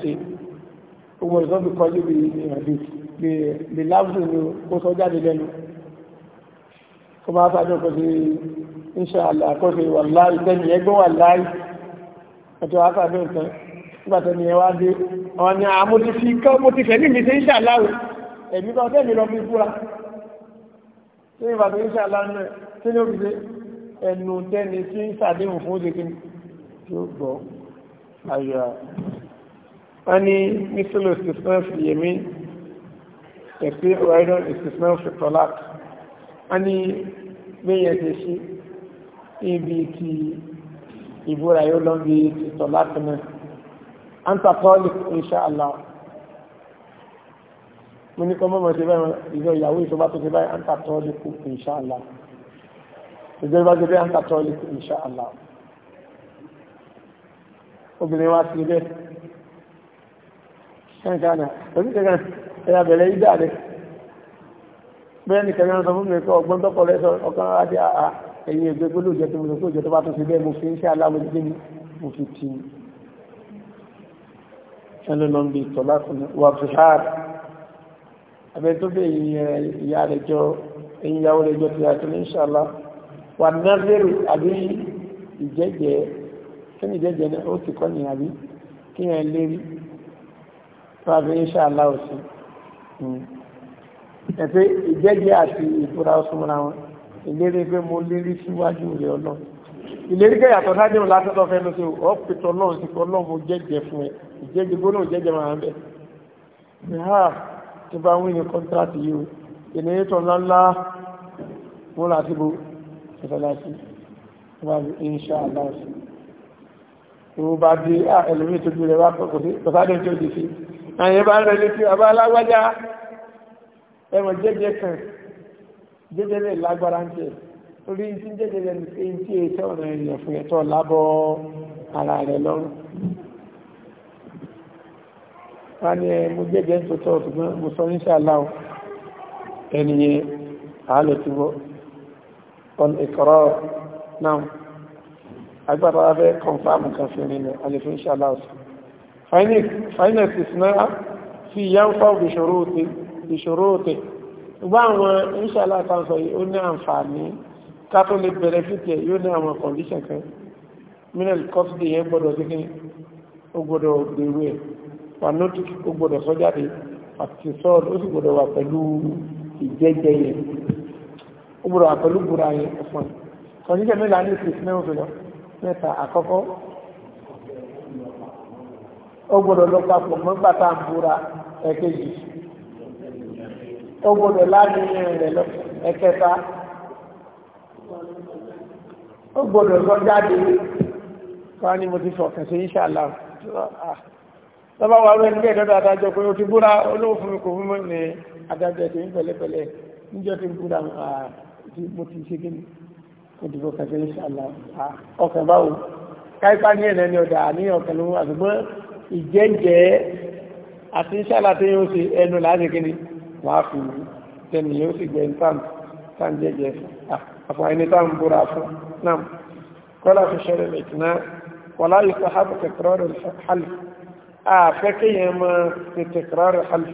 sáájú kó ṣe iṣẹ́ aláàkọ́ṣe wà láì tẹ́ni wà láì ẹ̀tọ́ àpàdé nǹkan nígbàtẹ́ ni ẹwà dé àwọn ni àmú ah, ti fi kọ́ mo ti fẹ̀mí mi sí ń ṣàláwò ẹ̀mí bá ọ̀tẹ́ mi lọ fi búra tí ìgbà tó ń ṣàlá náà tí ní òfìsẹ́ ẹnu tẹ́ni tí ń ṣàdéhùn fún oṣù tí ó gbọ́ ayọ̀ wọn ni mísílò ìsìsmẹ́ fi yèmí ẹ̀sìn ọ̀rẹ́dọ̀ ìsìsmẹ́ fi tọ́lá wọn ni gbẹ̀yẹ̀ ti ibi ti ìbúra yóò lọ bí ìtọ̀ láti mẹ́. a ń ta tọ́lì insha Allah mo ní kọ́ mọ́mọ́ ṣe báyìí ìjọ ìyàwó ìṣọba tó ṣe báyìí a ń ta tọ́lì kù insha Allah ìjọ ìbá ṣe báyìí a ń ta tọ́lì kù insha Allah obìnrin wa ti bẹ́ẹ̀ kankana òbí kankan ẹ̀yà bẹ̀rẹ̀ ìdá rẹ̀ bẹ́ẹ̀ ni kankan sọ fún mi pé ọgbọ́n tọ́kọ̀ rẹ̀ sọ ọkàn àti ẹ̀yin ẹgbẹ́ pé lóòjẹ́ tó mo sọ pé tó bá tó fi bẹ́ẹ̀ mo fi ń ṣe aláwọ̀dé ní mo fi ti ẹnu lọ bí tọ́lá kan wà fi ha abẹ́ tó bẹ́ ìyá rẹ̀ jọ ẹ̀yin ìyàwó rẹ̀ jọ ti àti ní ṣàlá wà nẹ́rẹ́rù àbí ìjẹ́jẹ́ kí ni ìjẹ́jẹ́ hmm. àti ìbúra ọ̀sùnmọ́ra wọn ìlérí pé mo lérí síwájú rẹ̀ ọlọ́run ìlérí pé yàtọ̀ sáájú lásán tó fẹ́ ló ṣe ọ́ pẹ̀tọ́ náà sí kọ́ náà mo jẹ́jẹ́ fún ẹ ìjẹ́jẹ́ gbóná jẹ́jẹ́ máa ń bẹ̀. ìhà tó bá wí ní kọ́ńtàtì yìí o ìnáyẹ̀ tó ńláńlá mo rà síbo ìfẹ́láṣí wọ́n bí inṣà aláṣí. ìwọ bá di ẹlòmíì tó gbúlẹ̀ wá kọ́kọ́ sí tọ́sádé tó di sí. àyè bá rẹ̀ létí ọba alágbájá ẹ̀wọ̀n jẹ́jẹ́ kan jẹjẹrẹ lágbára ń tẹ orí tí jẹjẹrẹ ní pé tí ètò ọ̀nà ènìyàn fún ẹ̀tọ́ lábọ́ ara rẹ̀ lọ́rùn wọ́n ní mo jẹjẹ ń tòótọ́ ṣùgbọ́n mo sọ níṣà láwọ́ ẹniyẹn àálò tí wọ́ ọ̀nà ìkọ̀rọ̀ náà agbára abẹ́ kọ̀nfàmù kan fi rìnlẹ̀ alẹ́fẹ́ níṣà láwọ́ finance is náà fi yá ń fọ́ ìṣòro òtẹ́ ṣùgbọ́n àwọn inṣàlá àtàǹsọ̀ yìí ó ní àǹfààní kátó lè bẹ̀rẹ̀ fìtẹ̀ yóò ní àwọn kọ̀ndíṣàn kan mineral custody yẹn gbọ́dọ̀ sí kí ó gbọ́dọ̀ gbèrú ẹ̀ panotic ó gbọ́dọ̀ sọ jáde àti sọ́ọ̀d ó sì gbọ́dọ̀ wà pẹ̀lú ìjẹ́jẹ́ yẹn ó gbọ́dọ̀ wà pẹ̀lú gbòòrò yẹn ọ̀fọ̀n kọ̀ndíṣàn mélòó ní ìpèsè mẹ́rin fìlọ mẹ́ta àkọ́kọ́ ó gbọ́dọ̀ lọ papọ̀ mọ́ bàtà àbúra ẹ̀kejì ó gbọ́dọ̀ láàrin rẹ̀ lọ ẹ̀kẹta ó gbọ́dọ̀ lọ jáde wá ní mo ti fọ̀kàn sí ìṣàlá lọ́bá wà rẹ̀ nígbẹ̀ ìdọ́dọ̀ adájọ́ pé o ti búra olówó fún mi kò fún mi ní adájọ́ ẹ̀tẹ̀ ní pẹ̀lẹ́pẹ̀lẹ́ níjọ́ ti búra mo ti ṣe kí ni mo ti fọ̀kàn sí ìṣàlá ọkàn báwo káípá ní ẹ̀nà ni ọ̀dà ní ọkàn ló àṣùgbọ́n ìjẹ́jẹ́ àti ìṣàlá tó yóò ṣe ẹnu láti kí ni wọ́n á fi wí tẹ́ni yóò sì gbẹ̀ tán jẹ́jẹ́ àfààní ní tán búra fún náà kọ́lá fi ṣẹlẹ̀ lẹ́tìná wọ́n láyé sọ hábù tẹ̀kọ́rọ̀ hálì àfẹ́ kéèyàn mọ́ ti tẹ̀kọ́rọ̀ hálì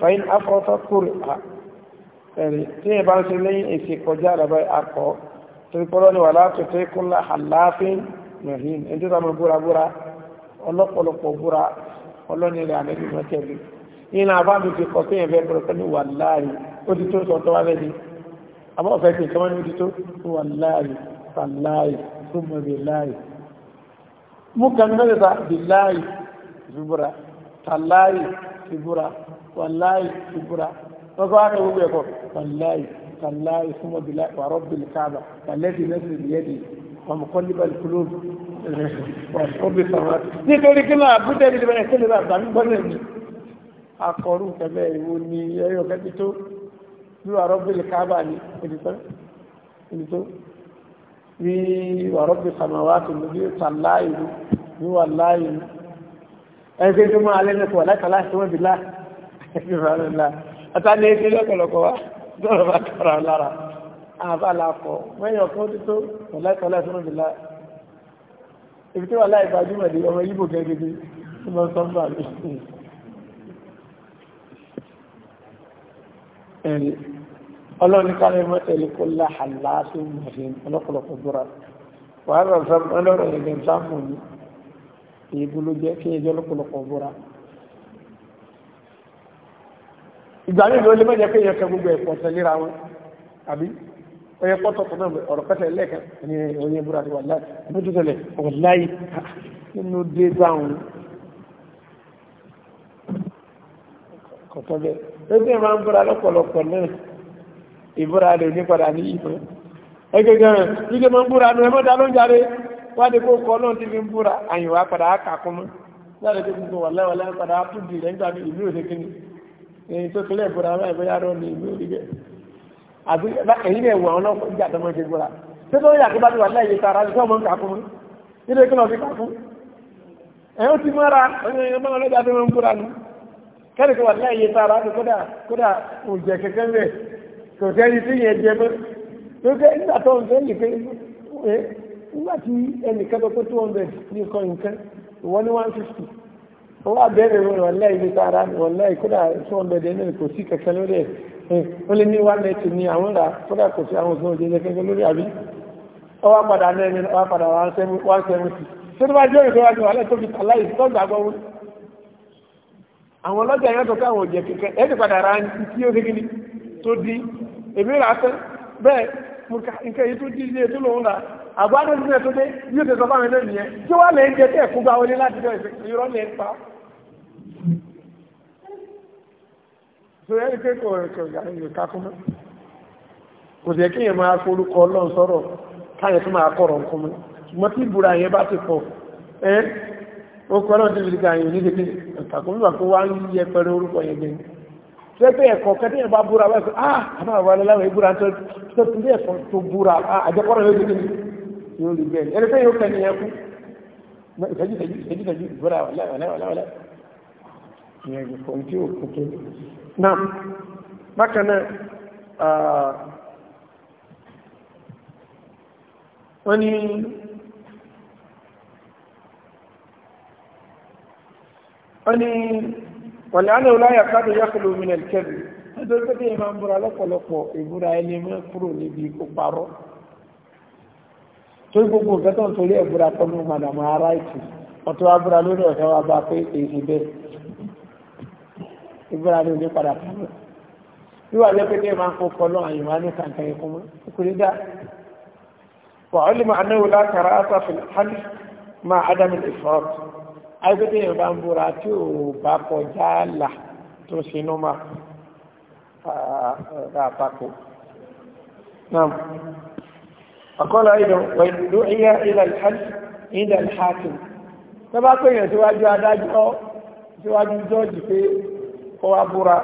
fàyín afọ́tọ́ kúrò à ẹ̀rí tí ẹ bá ń ṣe lẹ́yìn èsì kọjá àdàbà akọ torí kọ́lọ́ ni wà látò tẹ́ kúnlá àláfín mẹ́rin ẹni tó tà mọ́ búra búra ọlọ́pọ̀lọpọ̀ búra ọlọ́nìyàn àlẹ́ nínú àbámi fi kọ̀ sí ẹ̀fẹ́ pẹ̀lú ní wà láàrí ó ti tó sọ tó wá lẹ́dí àbọ́fẹ́ ti kọ́ ní ó ti tó wà láàrí fà láàrí súnmọ́ bí láàrí mú kan mẹ́rẹ̀ta bí láàrí ìfibúra tà láàrí ìfibúra wà láàrí ìfibúra lọ́kọ́ wá ní owó ẹ̀kọ́ wà láàrí tà láàrí súnmọ́ bí láàrí bá ìkúló nítorí kí akọrù kẹlẹ ìwo ni ẹyọ kẹtí tó bí wàá rọbìlì kábà ní ìdìtọ́ ìdìtọ́ bí wàá rọbìlì kàmáwá tó ní bí tàlá ìlú bí wà láàyè ẹgbẹ́ tó máa lẹ́nu kọ̀ látàlá tó wọ́n bí lá ẹgbẹ́ máa lẹ́nu lá àtàlẹ́ ẹgbẹ́ lọ́pọ̀lọpọ̀ wá lọ́rọ̀ bá kára lára tó wà bí lá ibi wà láì gbajúmọ̀ dé ọmọ yíbò gẹ́gẹ́ bí ó máa ń sọ́ńbà ẹ̀rí ọlọ́ni kálẹ̀ mọ́tẹ̀lẹ̀ kó láhàlá sí mọ̀hìn ọlọ́pọ̀lọpọ̀ búra wàhálà ọlọ́rọ̀ ẹ̀gẹ̀ sáàmù ni èébú ló jẹ́ kí ẹjọ́ ọlọ́pọ̀lọpọ̀ búra ìgbà mi ló lè mẹ́jẹ pé ìyẹn kẹ gbogbo ẹ̀pọ̀ tẹ̀léra wọn àbí ọyẹ pọ́tọ̀ tó náà ọ̀rọ̀ pẹ́tẹ̀ lẹ́ẹ̀kan ní ọyẹ búra ti wà láì kọ̀tọ́ bẹ́ẹ̀ lóṣù máa ń búra lọ́pọ̀lọpọ̀ náà ìbúra rẹ̀ ní padà ní ìfẹ́ ẹgbẹ́gbẹ́ rẹ̀ lóṣù máa ń búra nù ẹmọ́ dá ló ń jáde wáde kó kọ́ náà ti fi ń búra àyìnwá padà á kà kún mọ́ láti fi gbogbo wàlẹ́ wàlẹ́ di rẹ̀ nígbà ìlú òde kíni èyí tó tilẹ̀ búra báyìí bóyá rọ ní ìlú òde àbí ẹ̀yìn ẹ̀wọ̀ àwọn ọlọ́pàá ìjà tó máa ń ṣe búra tó tó yà tó bá ti mọ́ra ọ̀nà ìyẹn máa tó máa ń búra nù kẹ́rìkì wà láàyè tá a bá dùn kódà kódà òjẹ̀ kẹ́kẹ́ bẹ̀ kò sẹ́ni tí yẹn jẹ mọ́ lókè nígbà tó ń sẹ́yìn pé ẹ nígbà tí ẹnìkan tó pé two hundred ní nǹkan nǹkan ìwọ ní one fifty owó abẹ́rẹ́ wọn wà láàyè ní tá a rà wọ́n láàyè kódà two hundred ẹni kò sí kẹ̀kẹ́ lórí ẹ̀ ó lé ní one ninety ní àwọn rà kódà kò sí àwọn òṣèlú jẹjẹ kẹ́kẹ́ lórí àbí ọwọ́ padà náà ẹni ọwọ́ padà one seventy tó tó bá jẹ́ ìṣòwò àti wàhálà tó fi kàláyè tó gbàgbọ́ wọn àwọn ọlọ́jà yẹn tó káwọn òjẹ̀ kẹ̀kẹ́ ẹ̀ ti padà ra tí ó ṣe kíni tó di èmi rà tán bẹ́ẹ̀ mo ka nǹkan yìí tó di ilé tó lòun rà àgbàdo sílẹ̀ tó dé yóò ṣe sọ fáwọn ẹlẹ́ nìyẹn tí wàá lè ń jẹ tẹ́ẹ̀ fún báwọlé láti jọ ìrọ́ lè ń pa. tó yẹ kí kò ká kún mọ́ kò sì yẹ kí yẹn máa forúkọ ọlọ́run sọ̀rọ̀ káyọ̀ tó máa kọ̀rọ̀ nǹkan mọ́ ṣùgbọ́n tí ìbúra yẹn bá ti pọ̀ ẹ́ ó kọ́ lọ́dún ìbílí kan yìí níbi kí ìtàkùn nígbà kó wá ń yẹ pẹ̀lú orúkọ yẹn gbé ṣé pé ẹ̀kọ́ kẹ́tẹ́ yẹn bá búra wá sọ ah àbá àbá lọ́láwọ̀ ìbúra tó tó tún bí ẹ̀kọ́ tó búra àjẹkọ́rọ̀ yóò dé yóò rí bẹ́ẹ̀ ẹni pé yóò kẹ́ni yẹn kú ìtẹ́jú ìtẹ́jú ìtẹ́jú ìtẹ́jú ìbúra wà láwàláwàláwàlá ìyẹn ìfọ̀n tí ó kú tó wọ́n ní wàlẹ́ánà ọláyà káàdù yàkùlù mìnà kẹ́bì nítorí pé èèyàn máa ń búra lọ́pọ̀lọpọ̀ ìbúra ẹni mọ́ kúrò níbi kó parọ́ tó gbogbo nǹkan tó ń torí ẹ̀búra tó mú madam ara ìtì wọ́n tó wá búra lórí ọ̀sẹ̀ wa bá pé èyí bẹ́ẹ̀ ìbúra ni òní padà fún agbẹ́dẹ́ yẹn bá ń búra tí ò bá kọjá là tó ṣe nọ́mà ra ah, eh, àpapọ̀. Nam, àkọ́lá ìdàn pẹ̀lú ìyá ìdà ìhàkìm. Tó bá pè yàn síwájú adájọ́ síwájú jọ́ọ̀jì pé kó wá búra.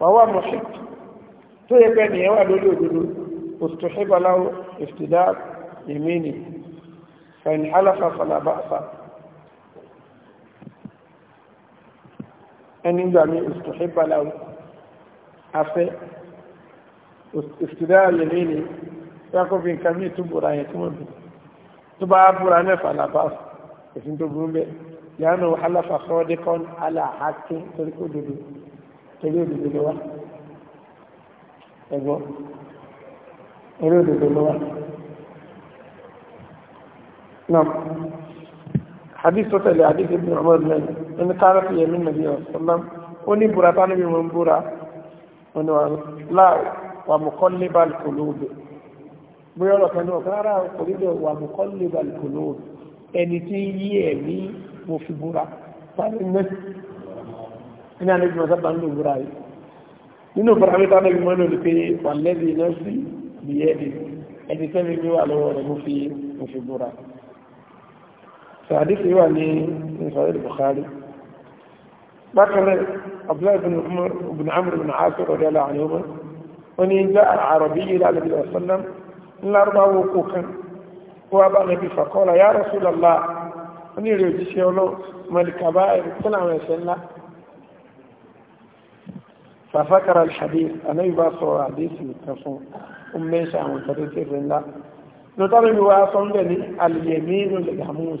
Wàwá mọ̀ṣík tó yẹ pé nìyẹn wà lórí òdodo, òṣìṣẹ́ balawo, ìfìdá, ìmínì, fẹ̀yìn aláfàfà làbáfà. ẹni gbà mí ìsìtòhébàláwò afẹ́ ìsìtòdáyà yẹn ní yákòfin nǹkan mí ìtúbùra yẹn tí wọ́n bì tó bá búra mẹ́fà làbá òfin tó burú bẹ́ẹ̀ yàrá wà hálàfà fọ́ọ́dẹ́kọ́n aláhàkí torí kó dodo torí òdodo lọ́wọ́ ẹ̀gbọ́n torí òdodo lọ́wọ́ náà hadith tó tẹ̀lé hadith ibn umar mẹ́rin ẹni kára fi yẹmí nàbí ọ̀sán ó ní búra tá níbi wọn búra ọ̀nà wà mọ̀kànlé bá lùkòlóòbè bóyá ọ̀rọ̀ kan ní ọ̀kan ara òkòlóòbè wà mọ̀kànlé bá lùkòlóòbè ẹni tí ń yí ẹ̀mí mo fi búra sáré mẹ́ ní àná ìgbìmọ̀ sábà ń lò búra yìí nínú búra mi tá níbi mọ́nà ni pé wà lẹ́bi náà sí bìyẹ́ ẹni tẹ́mi mi wà lọ́wọ́ rẹ̀ mo fi búra. فحديث رواني من صحيح البخاري بكر عبد الله بن عمر بن عمرو بن عاصر رضي الله عنهما وني جاء عربي الى النبي صلى الله عليه وسلم لارضى وقوكا وابى النبي فقال يا رسول الله وني رجل شيولو من الكبائر صلى الله عليه ففكر الحديث انا يباصر حديث كفو ام ميشا من فتره الرنلا نطلب واصل بني اليمين لجاموس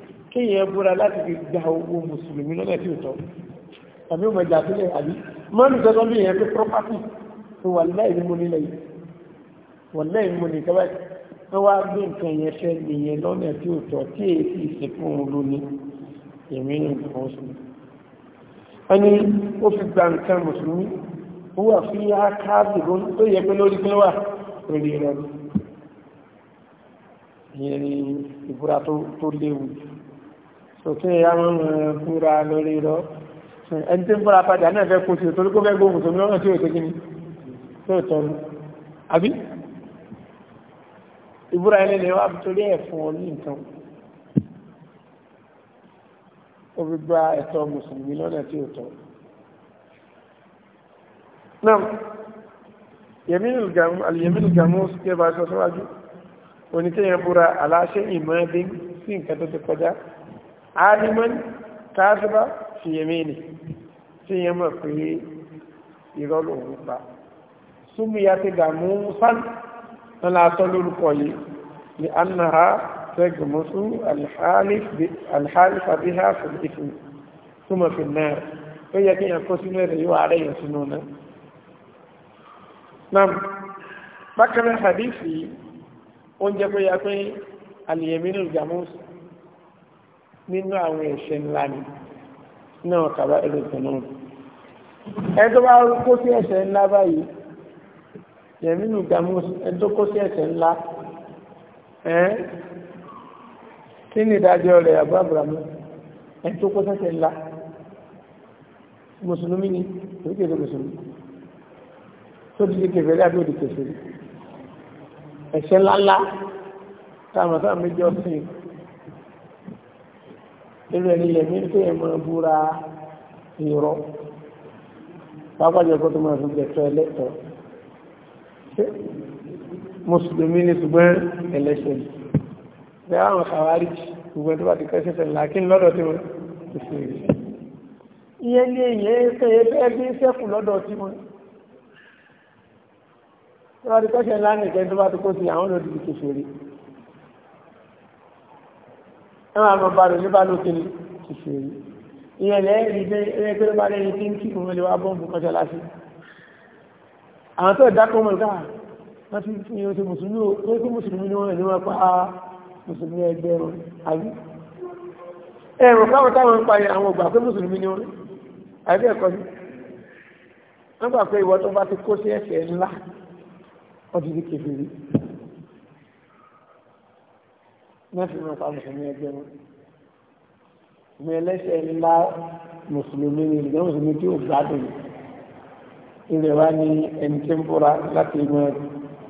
kéèyàn búra láti fi gba owó mùsùlùmí lọ́nà tí ó tọ́ àbí ó mẹ́jà sílẹ̀ àbí mọ́nù tọ́tọ́ bí èèyàn pé property tó wà láì ní mo nílẹ̀ yìí wà láì ní mo ní kẹ́wàá tó wá gbé nǹkan yẹn fẹ́ nìyẹn lọ́nà tí ó tọ́ tí èyí sì sìnkú òun ló ní èmi ní nǹkan oṣù wọn ó fi gba nǹkan mùsùlùmí ó wà fún yá káàbì tó yẹ pé lórí pé wà lórí rẹ ìyẹn ni ìbúra tó léwu jù òtún ìyá wọn fúra lórí rọ ẹni tí ń fúra padà náà fẹ́ kó sí torí kó fẹ́ gbóhùn sómi lọ́nà tí ò tẹ́kí ni tó tọrọ àbí ìbúra ẹni ni wọ́n á torí ẹ̀ fún ọ ní nǹkan ó fi gba ẹ̀tọ́ mùsùlùmí lọ́nà tí ò tọ́ náà yẹmínú gàmú kí ẹ bá sọ síwájú oníkẹ́yẹn búra aláṣẹ ìmọ̀ ẹbí sí nǹkan tó ti kọjá aliman káàdùbá fìyèmínì tí yẹn mọ̀ pé irọ́ lòun pa súnmìyà ti dààmú sán nílá atọ́ lórúkọ yìí ni annaha tẹgbẹ̀mọ́sú alhálífà bí ha fún ìfún súnmọ̀ fi náà ó yẹ kí yẹn kó sínú ẹ̀rẹ̀ yóò ààrẹ yẹn sínú náà nam bákan náà hadithi oúnjẹ pé ya pé alìyẹmínú gàmúsù nínú àwọn ẹ̀ṣẹ̀ ńlá ni náà kàbá ẹlòpẹ̀ náà ẹ tó bá kó sí ẹ̀ṣẹ̀ ńlá báyìí yẹ̀mínú gàmú ẹ tó kó sí ẹ̀ṣẹ̀ ńlá ẹ́ kí ni ìdájọ́ rẹ̀ àbú àbúrámù ẹ tó kó sẹ́ṣẹ̀ ńlá mùsùlùmí ni oríkèdè mùsùlùmí tó ti di kèfèrè àbí òdì kèfèrè ẹ̀ṣẹ̀ ńláńlá táwọn sáà méjì ọ̀sìn nínú ẹni lẹ́mí pé ẹ máa búra irọ́ pápájọ kó tó máa fi gbẹ̀tọ́ ẹlẹ́tọ̀ mùsùlùmí ni ṣùgbọ́n ẹlẹ́ṣẹ̀ ni bí àwọn kàwárí ṣùgbọ́n tó bá ti kẹ́sẹ̀ sẹ̀ lákín lọ́dọ̀ tí wọ́n ti ṣe rí iye ní èyí ṣe ẹgbẹ́ bí sẹ́kù lọ́dọ̀ tí wọ́n tó bá ti kẹ́sẹ̀ lánìí kẹ́ tó bá ti kó sí àwọn olódìbí kẹsẹ̀ rí ẹwà àwọn bá rẹ̀ níbà lókèrè ti ṣe rí ìyẹn lẹ́ẹ̀rí jẹ́ ẹgbẹ́rẹ́ bá lẹ́yìn tí ń kí òun lè wá bọ́ǹbù kọjá láti àwọn tó ẹ̀dá kọmọ̀ ìgbà wọ́n ti fi oṣù mùsùlùmí ó kí mùsùlùmí ni wọ́n rẹ̀ ní wọ́n pa mùsùlùmí ẹgbẹ́ wọn àbí ẹ̀rùn káwọn táwọn ń parí àwọn ògbà pé mùsùlùmí ni wọ́n àbí ẹ̀kọ́ ni wọ́n gbà pé ìwọ tó bá ti kó sí ẹ̀ṣẹ̀ ńlá ọdún ti kékeré mẹ́fì mi pa mùsùlùmí ẹgbẹ́ mi mi ẹlẹ́sẹ̀ ńlá mùsùlùmí ni ìgbẹ́ mùsùlùmí tí ó gbádùn ilẹ̀ wa ní ẹni tí ń búra láti inú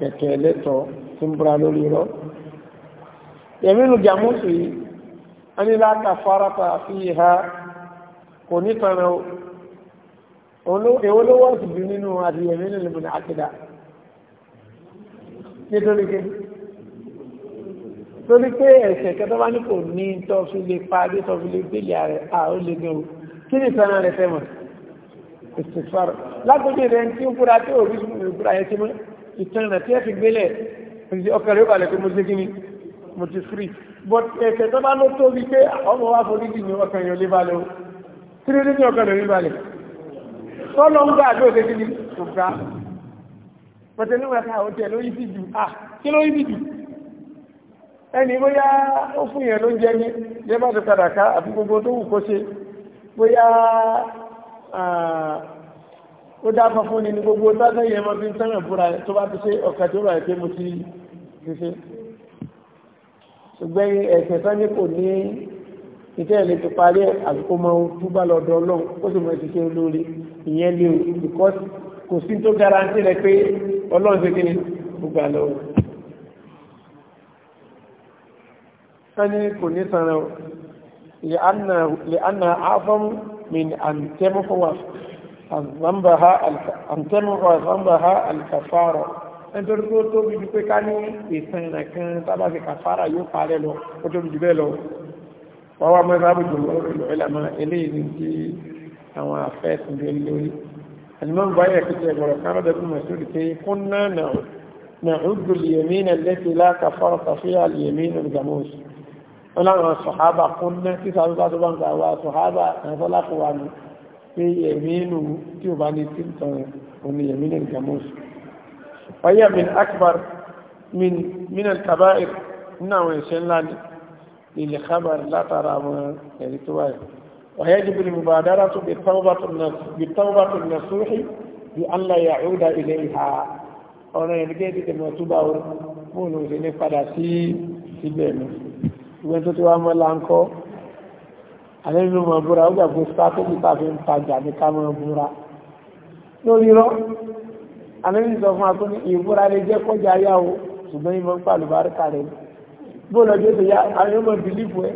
ẹ̀tọ́ ẹlẹ́tọ̀ tí ń búra lórí rọ. yẹ̀mínú jàmúsù yìí wọ́n ní láta farapa fi ha kò ní o èwo ló wọ́n sì bí nínú torí pé ẹ̀sẹ̀ kẹta bá ní kò ní tọ́ fi lè parí tọ́ fi lè gbélé ààrẹ àó lè gan o kí ni sọ́nà rẹ̀ fẹ́ mọ̀ ìsìfàrọ̀ lágbègbè rẹ̀ tí ó fúra tí òbí fúra yẹn ti mọ́ ìtàn rẹ̀ tí ẹ fi gbélé ọkàn rẹ̀ balẹ̀ pé mo ṣe kí ni mo ti firi but ẹ̀sẹ̀ tó bá ló tóbi pé ọmọ wa forí jì ní ọkàn yẹn ẹni bóyá ó fún yẹn ló ń jẹ ní yẹ bá ti padà ká àfi gbogbo tó wù kó ṣe bóyá ó dáfà fún ni ní gbogbo tásán yẹn máa fi ń sẹ́yìn fúnra ẹ̀ tó bá ti ṣe ọ̀kà tó rà ẹ̀ pé mo ti ti ṣe ṣùgbọ́n ẹ̀sẹ̀ sani kò ní ìtẹ́ ilé ti parí ẹ̀ àti kó máa túbà lọ́dọ̀ ọlọ́run ó sì máa ti ṣe olóore ìyẹn lè o because kò sí tó garanti rẹ pé ọlọ́run ṣe kí ni gbogbo àlọ́ ẹni kò ní sanra o lè ana afọ́n min àǹtẹ́mọ́fọ́wà àǹtẹ́mọ́fọ́wà alkafaro nítorí pé ó tóbi ju pé ká ní ìsan ìrìn kan sábà fi kàfàrà yóò parẹ́ lọ ó tóbi jù bẹ́ẹ̀ lọ wọ́n wá mọ́ sábà jù lọ ìlànà eléyìí tí àwọn afẹ́sùn lé lórí المهم بايع كتير ولا كان ده المسؤول كي كنا نعود اليمين التي لا كفارة فيها اليمين الجاموس ọlọ́run sọ̀hábà kún ná tí sàrúbá tó bá ń gbàwà sọ̀hábà ẹ̀fọ́láfọ́wà ní pé ẹ̀mí inú tí ó bá ní tí ń tàn òun ni ẹ̀mí nìkan jàmọ́sù ọyẹ́ min akbar min minal kaba'ir nínú àwọn ẹ̀ṣẹ̀ ńlá ní ilẹ̀ khabar látara àwọn ẹ̀rí tó wáyé ọyẹ́ jìbìrì mubadara tó bí mú ìwẹ́ tó ti wá mọ́ láńkọ́ àlejò mọ̀ búra ó gbàgbé sátẹ́jì tàbí ń tajà ní ká mọ́ búra lórí rọ́ àlejò sọ fún akóni ìbúra lè jẹ́ kọjá yá o ṣùgbọ́n ìmọ̀ ń pàlù bárúkà rẹ̀ bó lọ́jọ́ tó yá àwọn ọmọ bìlífù ẹ̀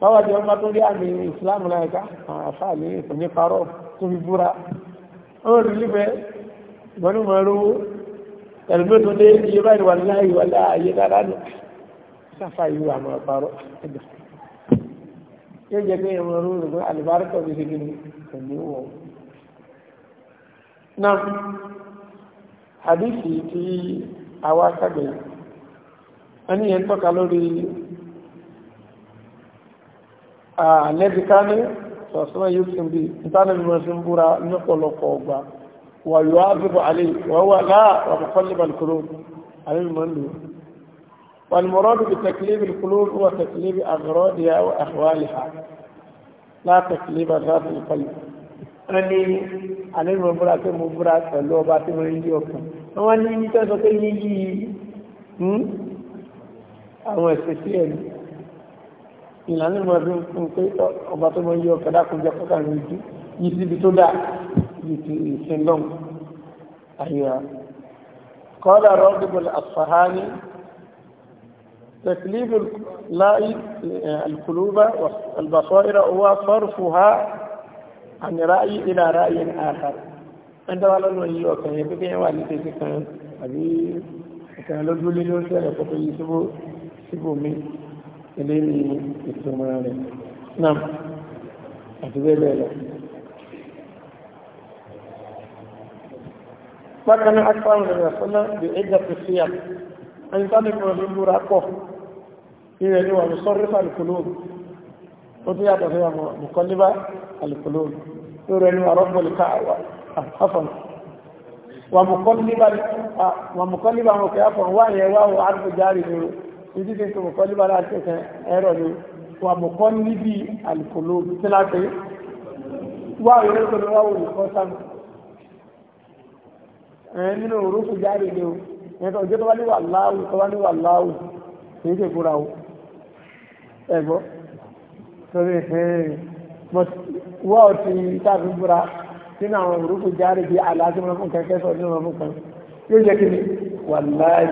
báwa jẹ́ ọmọ tó rí àmì ìsìláàmù láyìíká àwọn àfáà lè kò ní parọ́ tó fi búra ọmọ bìlífù wà láàyè wà láàyè sáfà yìí wà máa parọ́ ẹ̀dọ̀ yóò jẹ́ pé ẹ̀wọ̀n rú rú alùbáríkọ̀ bí ṣe kìíní kò ní wọ̀ náà àdìsí tí àwa sábẹ̀ ẹni yẹn tọ́ka lórí lẹ́bìkánì sọ̀sọ́nà yóò fi bí ìtànàbí wọn fi ń búra lọ́pọ̀lọpọ̀ ọgbà wà yóò àlè wọ́n wà láà wà mọ̀kànlẹ́bà والمراد بتكليف القلوب هو تكليف أغراضها وأحوالها لا تكليف أغراض القلب wọ́n ní alẹ́ mo búra pé mo búra pẹ̀lú ọba tí mo ń yí ọkàn wọ́n ní ní tẹ́sọ pé yí yí àwọn ẹ̀sẹ̀ sí ẹ̀mí ìlànà ìmọ̀ bí fún pé ọba tó mọ́ yí ọkàn dákùn jẹ́ kọ́kà ní ojú yí síbi tó dà yí ti ìsìn lọ́n àyíwá kọ́lá rọ́dùbọ̀lù àfàhání تكليف القلوب والبصائر هو صرفها عن رأي إلى رأي آخر أنت على نوي وكان يبقى والدي كان حبيب كان لو جولي لو سأل فقي سبو سبو مي إليني إستمرار نعم أتبع ذلك فكان أكثر من رسولنا بعدة صيام أن تنقل بالمراقبة ìrẹ̀ ni wà mùsọ́rífà alìkòlóòmù ó tún yàtọ̀ sí àwọn mùkọ́líbà alìkòlóòmù ìrẹ̀ ni wà rọ́bọ̀lì káàwà afọ̀n wà mùkọ́líbà àwọn òkè afọ̀n wà yẹn wà wọ àdúgbò járì nìrò ìdí tí kò mùkọ́líbà láti ẹ̀kẹ́ ẹ̀rọ ni wà mùkọ́líbì alìkòlóòmù tí láti wà yẹn kò ní wà wò ní nínú òrùkù járì ni o ẹ̀yẹn tó ní wà láwù tó wá ṣe ìbúra o ẹ̀gbọ́ torí pé wọ́ọ̀ ti tàbí búra sínú àwọn òrùkù járe bíi aláàtí wọn fún kẹ̀kẹ́ sọ nínú ọdún kan yóò jẹ́ kí ni wà láàyè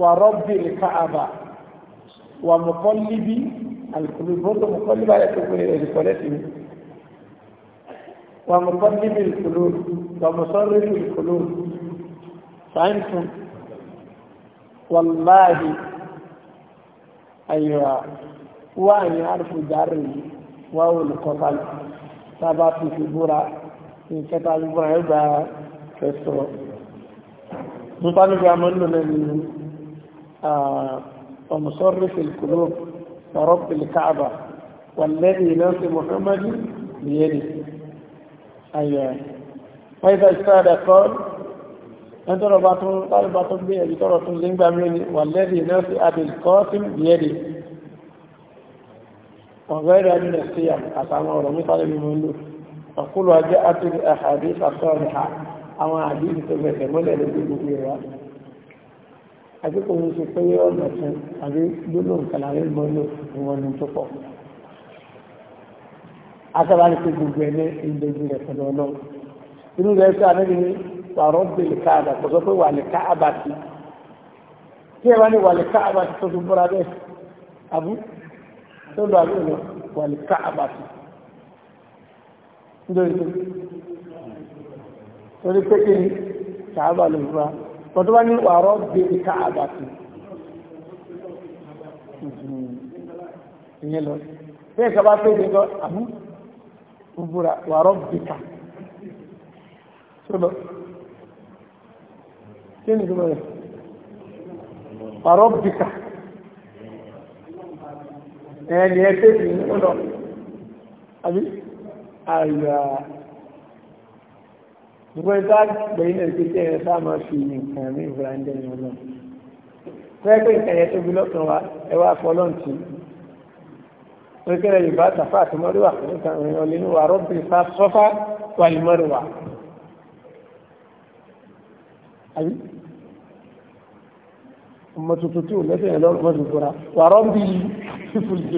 wà rọ́bì káàbà wà mọ̀kọ́líbí alùpùpù bọ́tò mọ̀kọ́líbí ayé tó ẹ̀rìkọ́lẹ́ sí mi wà mọ̀kọ́líbí ìkùlù wà mọ̀sọ́líbí ìkùlù sáyẹ́ǹtù wà láàyè ayiwa wa ni alifu jaari wa wuli kọkal taba fifi bura ni kẹta bi bura e ba fẹ sọrọ nfani bi ama nuna ni ومصرف القلوب ورب الكعبة والذي نفس محمد بيده أيوة وإذا اجتهد قال ẹ̀ntọ́rọ̀ bá tún láti bá tún gbé ẹ̀rí tọ́rọ̀ tún lé ń gbà mí ni wà lẹ́dí náà sí àdìkọ́ sí ìyẹ́dì ọ̀gẹ́rẹ́ àdínà sí àtàwọn ọ̀rọ̀ mẹ́ta lè mú lò ọ̀kúlù ajé àti àhàdí sàtọ́rọ̀ ha àwọn àdínì tó bẹ̀rẹ̀ mọ́lẹ̀ lè gbé gbogbo ẹ̀rọ àti kò ń ṣe pé ọ̀nà tún àbí gbóló nǹkan àrí mọ́ lò ìwọ̀n ní tó pọ̀ wàrọ̀ bèlè káàdà kò sọ pé wà lè ká àbàtì tí ẹ bá ní wà lè ká àbàtì tó fi búra bẹ́ẹ̀ àbú tó lọ àbí òun wà lè ká àbàtì
nítorí pé torí pé kí ni kàábà lè
búra kò tó bá ní wàrọ̀ bèlè ká àbàtì ìyẹn lọ bí ẹ̀ka bá pé ìdíkọ́ àbú wàrọ̀ bèlè ká kí eh, ni ìgbìmọ̀ rẹ̀ ọ̀rọ̀bìkà ẹni ẹgbẹ́ ìlú ọ̀dọ̀ àbí àyà gbogbo ẹgbẹ́ àgbẹ̀ ilẹ̀ ìpínlẹ̀ ẹ̀rẹ́ sáà máa fi nǹkan ní ìfura ń dẹ́nu lọ fẹ́ẹ́gbẹ́ nǹkan yẹn tó bí lọ́kàn wa ẹ wá fọlọ́ǹtì oríkẹ́rẹ́ yorùbá tàfà àti mọ̀tòtò tí ò lẹ́sẹ̀ yẹn lọ́rùn mọ̀tòtò ra wàrọ̀ bí tífùlì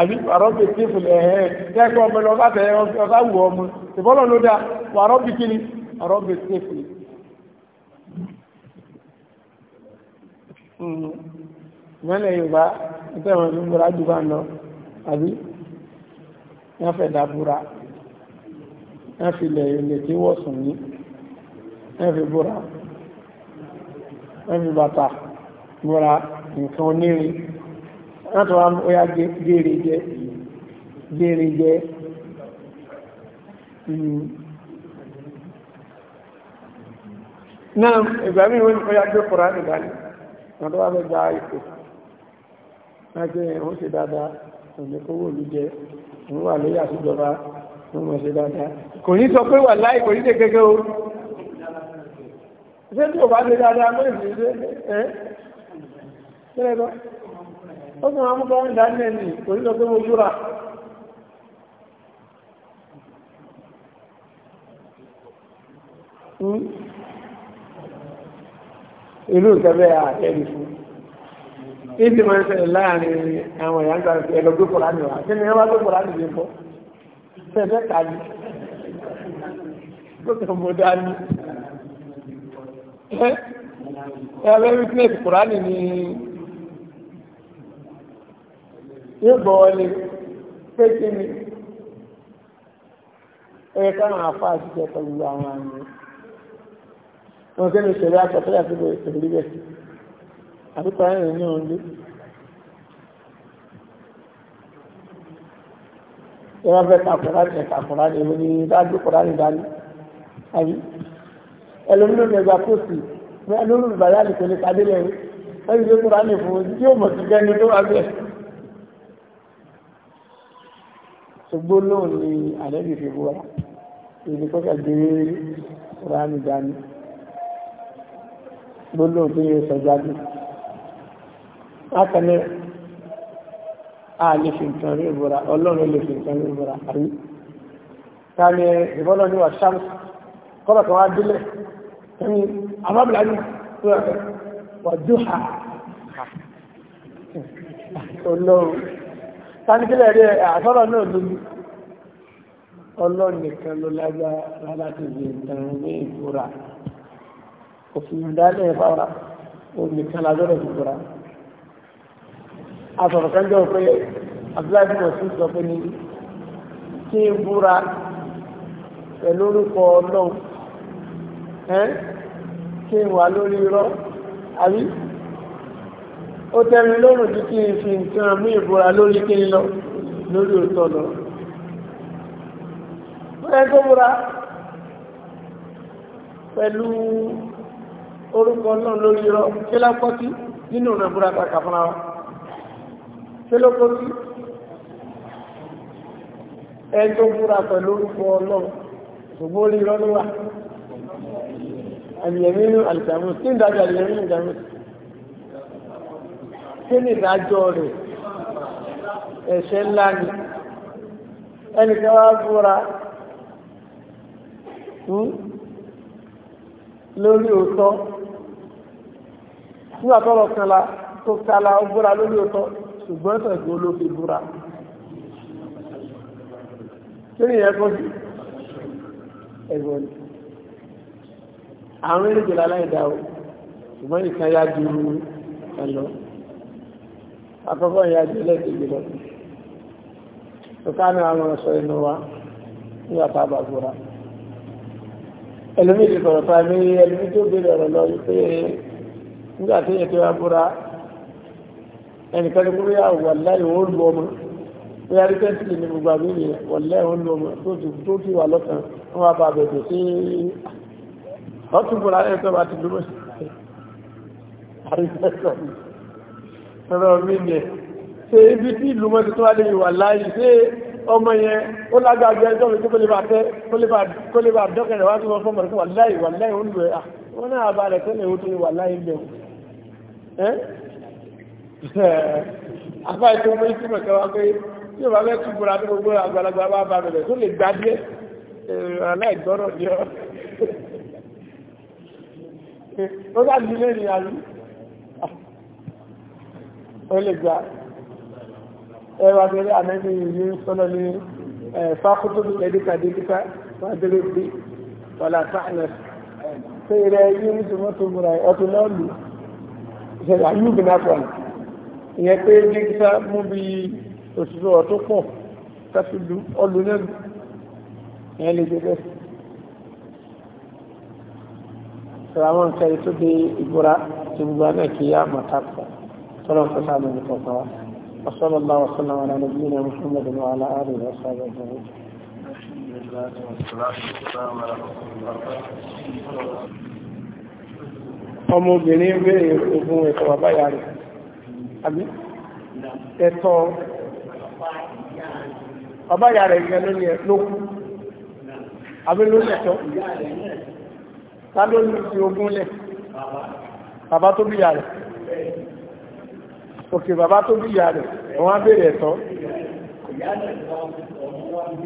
àbí wàrọ̀ bí tífùlì ẹ̀hẹ́ kẹ́kọ̀ọ́ ọmọ lọ́ba tẹ̀ ọba wù ọmọ ìbọ́lọ̀ ló dáa wàrọ̀ bí kíni wàrọ̀ bí tífùlì. Hmm. mọ́lẹ̀ yorùbá nítorí wọn fi búra jù bá ń lọ àbí wọ́n fẹ́ dá búra wọ́n fi lẹ̀ ilẹ̀ tí wọ́n sùn ní wọ́n fi búra wọ́n fi bàtà múra nǹkan onírin láti wá bóyá géèrè jẹ géèrè jẹ hmm. náà ìgbà míì wọ́n bóyá gbé kura nígbà ní wọ́n tó wá fẹ́ gba ipò láti wọ́n ṣe dáadáa òní kówó òní jẹ òun wà lórí àtijọba wọ́n mọ̀ ṣe dáadáa kò ní sọ pé wà láì kò ní ṣe gẹ́gẹ́ o ṣé tí o bá ṣe dáadáa mọ́ ìṣẹ́ kílẹ̀ lọ ó sì máa mú bọ́ ń dá ní ẹni kò ní lọ pé mo júra hmm? ìlú ìtẹ́bẹ̀ àtẹ́rì fún ìdí máa ń ṣẹlẹ̀ láàrin àwọn èèyàn gbà ẹlọgbé pọ̀ láti wà kí ni wọ́n bá gbé pọ̀ láti lè bọ́ tẹ̀lé kàlí gbọ́dọ̀ dání ẹ ni yóò bọ̀ wọlé pé kí ni ó yẹ káwọn afọ àtijọ́ pẹ̀lú àwọn àmì wọn kí ni ìṣẹ̀lẹ̀ àtọ̀tọ̀ àti ìṣẹ̀lẹ̀ bẹ̀ àbíkọ̀ ẹ̀rìn ní òun lé. ìwà fẹ́ kàkùrá ní kàkùrá ní ìwé ní dájú kùrá ní dání àbí ẹlòmínú ní ẹgbà kó sí ẹlòmínú bàyá nìkan ní kadé lẹ́yìn ẹ̀yìn tó kùrá ní fún ojú tí ó mọ̀ sí gẹ́ni tó wà bẹ́ẹ̀. ṣùgbọ́n lóun ni àlẹ́bì fi búra ìdí kọ́kà gbé ránì dání gbólóhùn tó yẹ sọ jáde látàlẹ́ a lè fi nǹkan rí ìbúra ọlọ́run lè fi nǹkan rí ìbúra àrí káàní ìbọ́lọ́ ní wàṣán kọ́bà kan wá délẹ̀
ẹni àbábìlà ní wàdúhà
ọlọ́run tánikílẹ̀ rí àsọ́rọ̀ náà lójú ọlọ́nìkan ló lágbára láti lè tàn ní ìfúra òfin ìdálẹ̀ ìfáwà e onìkan lágbára ìfúra asọ̀rọ̀ kan jọ pé abdullahi mọ̀sí sọ pé ní kí n búra pẹ̀lú orúkọ ọlọ́run kí n wà lórí irọ́ àbí ó tẹ́mi lọ́rùn tí kí n fi nǹkan mú ìbúra lórí kí n lọ lórí òótọ́ lọ. bẹ́ẹ̀ tó búra pẹ̀lú orúkọ náà lórí irọ́ kí lápọ́ sí nínú ọ̀nà búra kàkà fúnra wa kí ló kó sí ẹ tó búra pẹ̀lú orúkọ ọlọ́run ṣùgbọ́n orí irọ́ ló wà
àlìyẹ̀mínú àlìjàmù tí ń dájú àlìyẹ̀mínú àlìjàmù sí kí ni ìdájọ́ rẹ̀ ẹ̀ṣẹ̀ ńlá ni ẹnìkan
wá búra lórí òótọ́ nígbà tọ́rọ kan la tó kala ó búra lórí òótọ́ ṣùgbọ́n tẹ̀gbọ́n ló fi búra kí ni ìyẹn kọ́ sí ẹ̀gbọ́n ni àwọn eré jùlọ aláìdáwó ṣùgbọ́n nìkan yá ju ẹ̀lọ́ àkọ́kọ́ ìyájú lẹ́kẹ̀ẹ́ lọ tukánà àwọn ọ̀sọ̀ inú wa nígbà tá a bá gbọ́ra ẹlòmíì ti sọ̀rọ̀ tá a ní ẹlòmíì tó béèrè ọ̀rọ̀ lọ wípé nígbà tí èyí ti wá gbọ́ra ẹnìkan ní kúrò yà wà láì ó lu ọmọ ó yàrá tẹ́ǹtì ní gbogbo àbí yẹn wà láì ó lu ọmọ tó ti wà lọ́kàn wọn bá bẹ̀rẹ̀ sí ọtún bọ̀ra ẹ̀ tó ti dúró sí àrísẹ́sọ̀rọ̀ ọ̀rọ̀ mi nẹ̀ ṣe ibi tí ìlú mọ́ ti tó wá lè wà láàyè ṣe ọmọ yẹn ó lágbàgbé ẹjọ́ mi kó lè bá tẹ́ kó lè bá dọ́kẹ̀rẹ̀ wá tó wọ́n fọ́mọ̀ rẹ̀ wà láì wà láì ó lù ẹ́ ah, wọ́n náà bá rẹ̀ tẹ́lẹ̀ ó tó wà láì bẹ̀ ẹ́ àbá ètò ọmọ yìí túmọ̀ kẹwàá pé tí ìwà bẹ́ẹ̀ tún bọ̀rọ̀ àti gbogbo àgbàlagbà bá bá bẹ̀rẹ̀ tó lè gbá díẹ̀ aláìgbọ́rọ̀ ni ọ́ ó bá dilé ni àlú ó lè gbà ẹwà gẹ́gẹ́ ànẹ́bí yìí sọ́lọ́ ní fákútó ẹ̀díkà dídíkà wọ́n dẹ́rẹ́ bí wọ́lá sáàlẹ̀ ṣe rẹ̀ yìí ní tòmọ́ tó múra ọtún náà lù ìṣẹ̀lẹ̀ ayúbì náà pọ̀
ìyẹn pé dídíkà mú bí
òṣìṣẹ́ ọ̀tún pọ̀ káfí lu ọlù náà lù ìyẹn lè gẹ́gẹ́ sọ̀rọ̀ àwọn ti gbogbo àná kìí àmọ̀ tápọ̀. صلى الله sáà lórí وصلى الله وسلم على نبينا محمد وعلى اله وصحبه اجمعين. ọmọbìnrin béèrè ogun ẹ̀tọ́ bàbá ìyá rẹ̀ àbí ẹ̀tọ́ bàbá ìyá rẹ̀ gẹ́ lónìí ẹ̀ ló
àbí ló lẹ̀tọ́ ta ló ti ogun lẹ̀ bàbá tó bí ìyá rẹ̀ òkè
bàbá tó bí ìyá rẹ̀ wọ́n á béèrè ẹ̀tọ́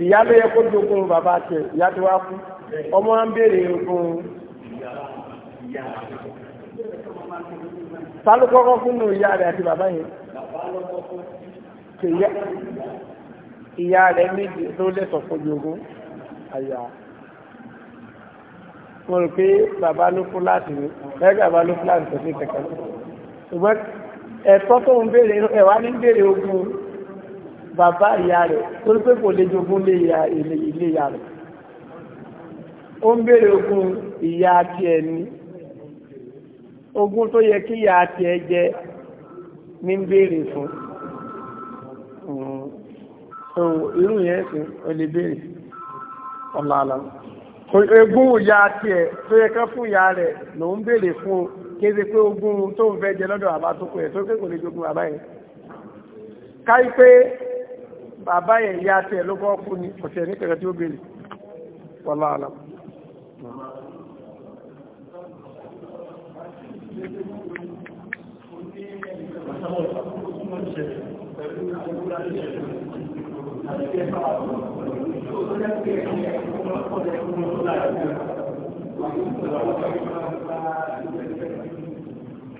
ìyá ló yẹ kó dogun
bàbá tẹ̀ ìyá tó wá kú ọmọ á ń béèrè ogun
ta ló kọ́kọ́ fún nù ìyá rẹ̀
àti bàbá yẹn ìyá rẹ̀ méjì tó lẹ́tọ̀ fún jogún àyà mo rò pé bàbá ló fún láti rí ẹgbẹ́ bàbá ló fún láti tẹ̀sí kẹ̀kẹ́ ẹ̀tọ́ tó ń béèrè ẹ̀wà ní béèrè ogun bàbá ìyá rẹ̀ torí pé kò lè jogún lé ilé ìyá rẹ̀ ó ń béèrè ogun ìyá àti ẹni ogun tó yẹ kí ìyá àti ẹ jẹ ní ń fún irú yẹn sì ó lè béèrè egun ìyá àti ẹ tó yẹ ká fún ìyá rẹ̀ ló ń fún o kéde pé ogún tó ń fẹ́ jẹ lọ́dọ̀ bàbá tó kú ẹ̀ tó kéko lè jogún bàbá yẹn káyí pé bàbá yẹn ya tiẹ̀ ló kọ́ kú ni ọ̀sẹ̀ ní kẹ̀kẹ́ tí ó bèrè wàlá àlà.
Thank you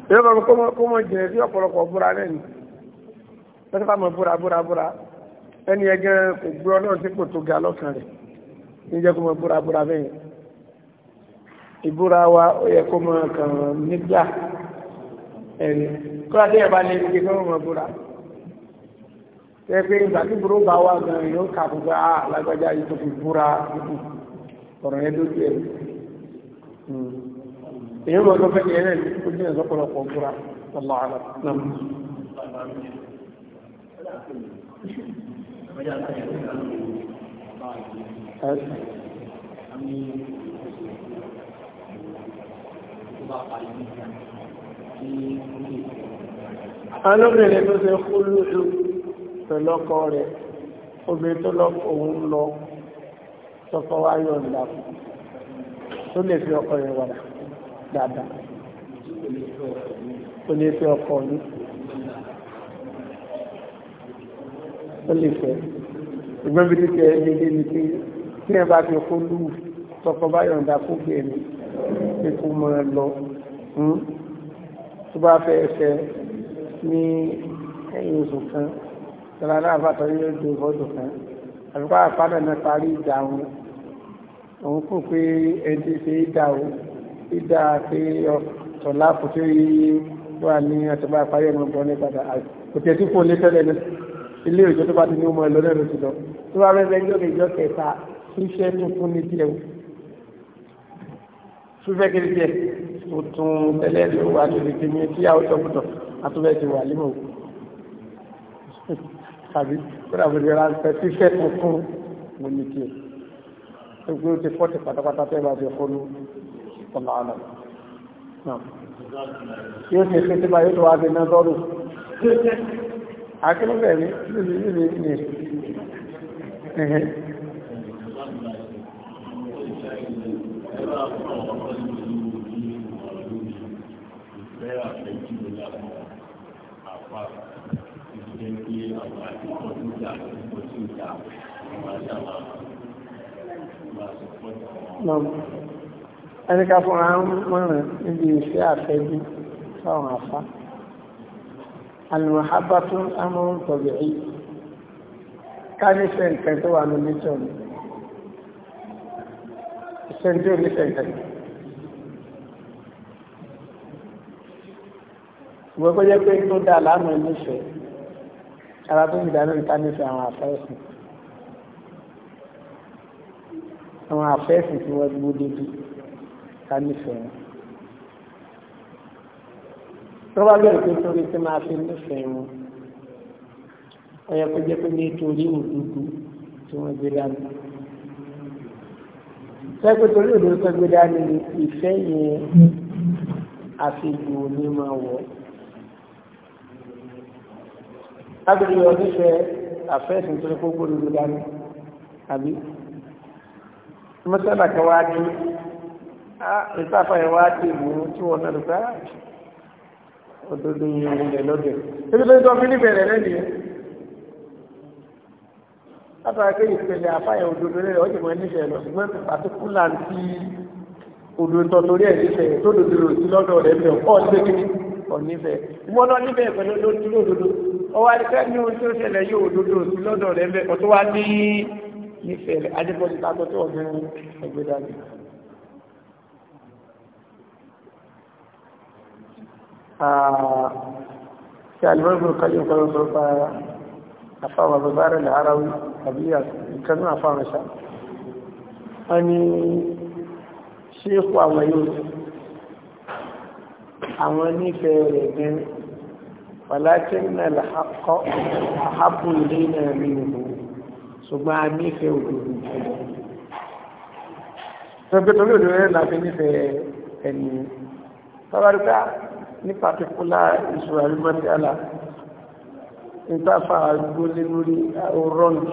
yóò bá mi kó mọ jìnnà sí ọ̀pọ̀lọpọ̀ búra náà ni lọ́sọ̀tà mọ̀ búra búra búra ẹni yẹn gan kò gbé ọ náà sípò tó ga lọ́kàn rẹ̀ ní jẹ́ kó mọ búra búra bẹ́ẹ̀ ìbúra wa ó yẹ kó mọ kàn nígbà ẹ̀rí kó láti yẹ bá ní ibi kó mọ búra tẹ́gbẹ́ ìgbà tí burú bá wà gan yóò kà fún pé ah, lágbájá yìí tó fi búra ọ̀rọ̀ yẹn lójú ẹ̀
hmm èyí mọ̀ tó
fẹ́kẹ̀ẹ́ rẹ̀ ní kó jẹ́ ìzọ́pọ̀lọpọ̀ búra ọlọ́ọ̀lọ́ náà
alóbìnrin tó ṣe
kú lójú pẹ̀lọ́kọ rẹ̀ obìnrin tó lọ òun lọ tọ́kọ wáyọ̀ ìlàpù tó lè fi ọkọ rẹ̀ wàdà dáadáa
ó lè fẹ́ ọkọ mi
ó lè fẹ́ ṣùgbọ́n bí ti tẹ̀ ẹ́ dédé ni pé tí ẹ bá fi kó lù tọkọ bá yọ̀ǹda kó bẹ̀ mí pé kó mọ ẹ lọ hmm? tó bá fẹ́ ẹsẹ̀ ní ẹ̀yìn oṣù kan tọ́lá náà bá tọ́lá yóò dé ìfọ́dù kan àbíkọ́ àpá náà parí ìjà wọn òun kò pé ẹni tí ṣe é dà ó dídá pé ọ̀tọ̀lá kò tó yí wà ní ọ̀tọ̀bá parí ẹ̀mọ̀ bọ́ ní padà kò tẹ̀ tí fún olé tẹ́lẹ̀ ní ilé òjò tó bá ti ní ọmọ ẹ̀ lọ́dẹ̀ lọ́sí lọ tó bá rẹ́rẹ́ ní òkè ìjọ kẹta fífẹ́ tuntun ní tiẹ̀ fífẹ́ kiri tiẹ̀ tuntun tẹ́lẹ̀ ló wà lórí kìíní tí a ó tọ́kùtọ̀ àtúbẹ̀ ti wà límọ̀ tàbí kó dà bóde rán fẹ́ fífẹ́ tuntun mo ní tiẹ̀ gbogbo ti fọ́ọ̀tì pátápátá tẹ́ ọ̀nà àná
yóò ṣe ṣe tí bá yóò tó wá bí náà tọ́rù akínúbẹ̀ ní níbi ní No
ẹnìká fúnra ń mọ̀ràn níbi ìfẹ́ àfẹ́jú sáwọn afá alùmọ̀hábà tún amóhùn tọ̀bẹ̀ yìí ká nífẹ̀ẹ́ nǹkan tó wà ní nítọ̀ ní
ìṣẹ́jú nífẹ̀ẹ́ nǹkan
ìwé kó jẹ́ pé tó dáa láàmú nífẹ̀ẹ́ ara tó ń dáná àwọn afẹ́ tí wọ́n gbó débi ká nífẹ̀ẹ́ wọn. tó bá bẹ̀rẹ̀ pé torí tí máa fi nífẹ̀ẹ́ wọn ó yẹ kó jẹ́ pé nítorí òdodo tí wọ́n gbé dání. sẹ́kù torí òdodo tó gbé dání ni ìfẹ́ yẹn àfihàn òní máa wọ̀ lágbèrè ọ̀nífẹ́ àfẹ́sìn tó ní kó gbódò dání àbí mọ́sálà kan wá dé Ah, ìsáfà ìwá ti wù ú tí wọ́n náà gbá ah, òdòdó yìí ilẹ̀ lọ́dẹ̀. Títí tó fi ní bẹ̀rẹ̀ lẹ́nu yẹn. Látara pé ìpele àfáyẹ̀ òdòdó rẹ̀ ọ̀jẹ̀ mọ́ nífẹ̀ẹ́ lọ ṣùgbọ́n ti pàtó kú là ń fi òdòdó torí ẹ̀ nífẹ̀ẹ́ tó dòdò rò sí lọ́dọ̀ rẹ̀ bẹ̀ ọ̀ nífẹ̀ẹ́ kí ọ̀ nífẹ̀ẹ́. Ìwọ́n náà nífẹ̀ẹ́ pẹ̀lú lójú òdòdó. Ọwọ́ adìkẹ́ ní ohun tí ó ṣẹlẹ̀ yóò òdòdó sí lọ́dọ̀ rẹ̀ bẹ̀ ọ̀ tó wá ní nífẹ̀ẹ́ tí alìbọ́gbọ̀n kalẹ̀ ọ̀kọ̀rọ̀ tó pa afáwọn bàbára lè ara wí àbí ìkanú afáwọn ṣá wọ́n ni ṣéèkù àwọn yóò àwọn nífẹ̀ẹ́ rẹ̀ gan wàlákẹ́ náà làkọ́ àhábù ilé náà rí ìlú ṣùgbọ́n a nífẹ̀ẹ́ òdòdó ìfẹ́. Ṣé pé torí òdòdó rẹ̀ láti nífẹ̀ẹ́ ẹni? Tọ́lá ní pàtíkúlá ìṣòwàrí mọ́tíálà nítafà gbólé lórí ọ̀rọ̀nì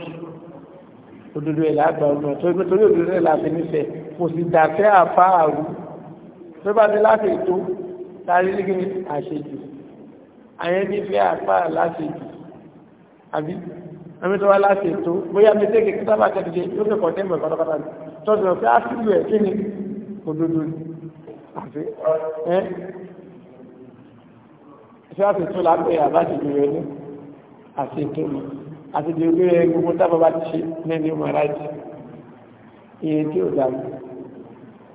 òdòdó ẹ̀là àgbà ọmọ tó gbé torí òdòdó ẹ̀là àti nífẹ̀ kò sì dàtẹ́ àfá àrú tó bá ní láti ètò tàbí nígbìn àṣejù àyẹn ní fẹ́ àfá láṣejù àbí àmì tó wá láti ètò bóyá mi tẹ́ kékeré sábà kẹ́kẹ́ ṣe ló fẹ́ kọ́tẹ́ mọ̀ pátápátá ni tọ́jú ọ̀fẹ́ á sílù ẹ̀ kí ni òdòdó ni àfi ẹ́ ṣé àṣetò lápẹ́ àbáṣetò rẹ̀ ní àṣetò mi àṣetò ìwé rẹ̀ gbogbo tábà bá ti ṣe lẹ́ni ọmọ aráàjì iye tí ò dàbí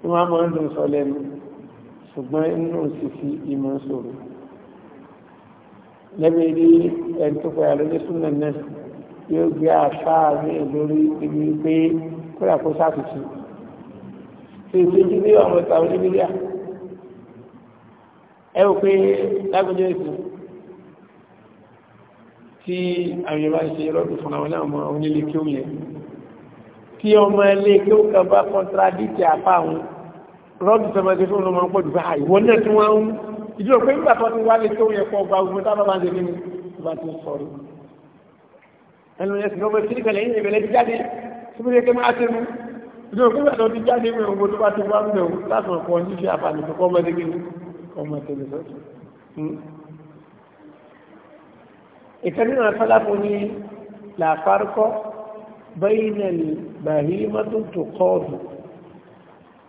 tí wọ́n á máa ń lò sọ lẹ́nu ṣùgbọ́n inú òṣìṣì ìmọ̀ sọ̀rọ̀ lẹ́bi rí ẹni tó pẹ̀lú lórí súnmọ̀ náà yóò gbé àṣà mi lórí ibi pé kúrò àkóso àtúntò
ṣe ìṣèjú ní ọmọ ìtàwọn ìbílẹ̀
ẹ wò pé lágbèjọ èsì tí àwọn yorùbá ń ṣe lọ́dún fún àwọn ọmọ onílé kí ó yẹ tí ọmọ ilé kí ó kàn bá kọ́ntradíkì àpá àwọn lọ́dún tó máa ṣe fún ọmọ pọ̀ jù bá ìwọ náà tí wọ́n ń ìdí òpin nígbà tó ti wálé kí ó yẹ kọ́ gba ogun tábà bá ń ṣe nínú ìgbà tó sọ̀rọ̀ ẹnu yẹn sì lọ́mọ sílíkà lẹ́yìn ìbẹ̀lẹ̀ ti jáde síbi yẹ kí máa ṣe mú ìdí òpin nígbà tó ti jáde mú ìwọ̀n tó bá ti wá mú ìwọ̀n láti ọ̀pọ̀ ní ọmọ tẹ̀lé sọ́tún hmm. ìkan nínú àfẹ́láfún ní làfárúkọ́ bẹ́yìnẹ̀lì bàrí mọ́tún tó kọ́ọ̀dù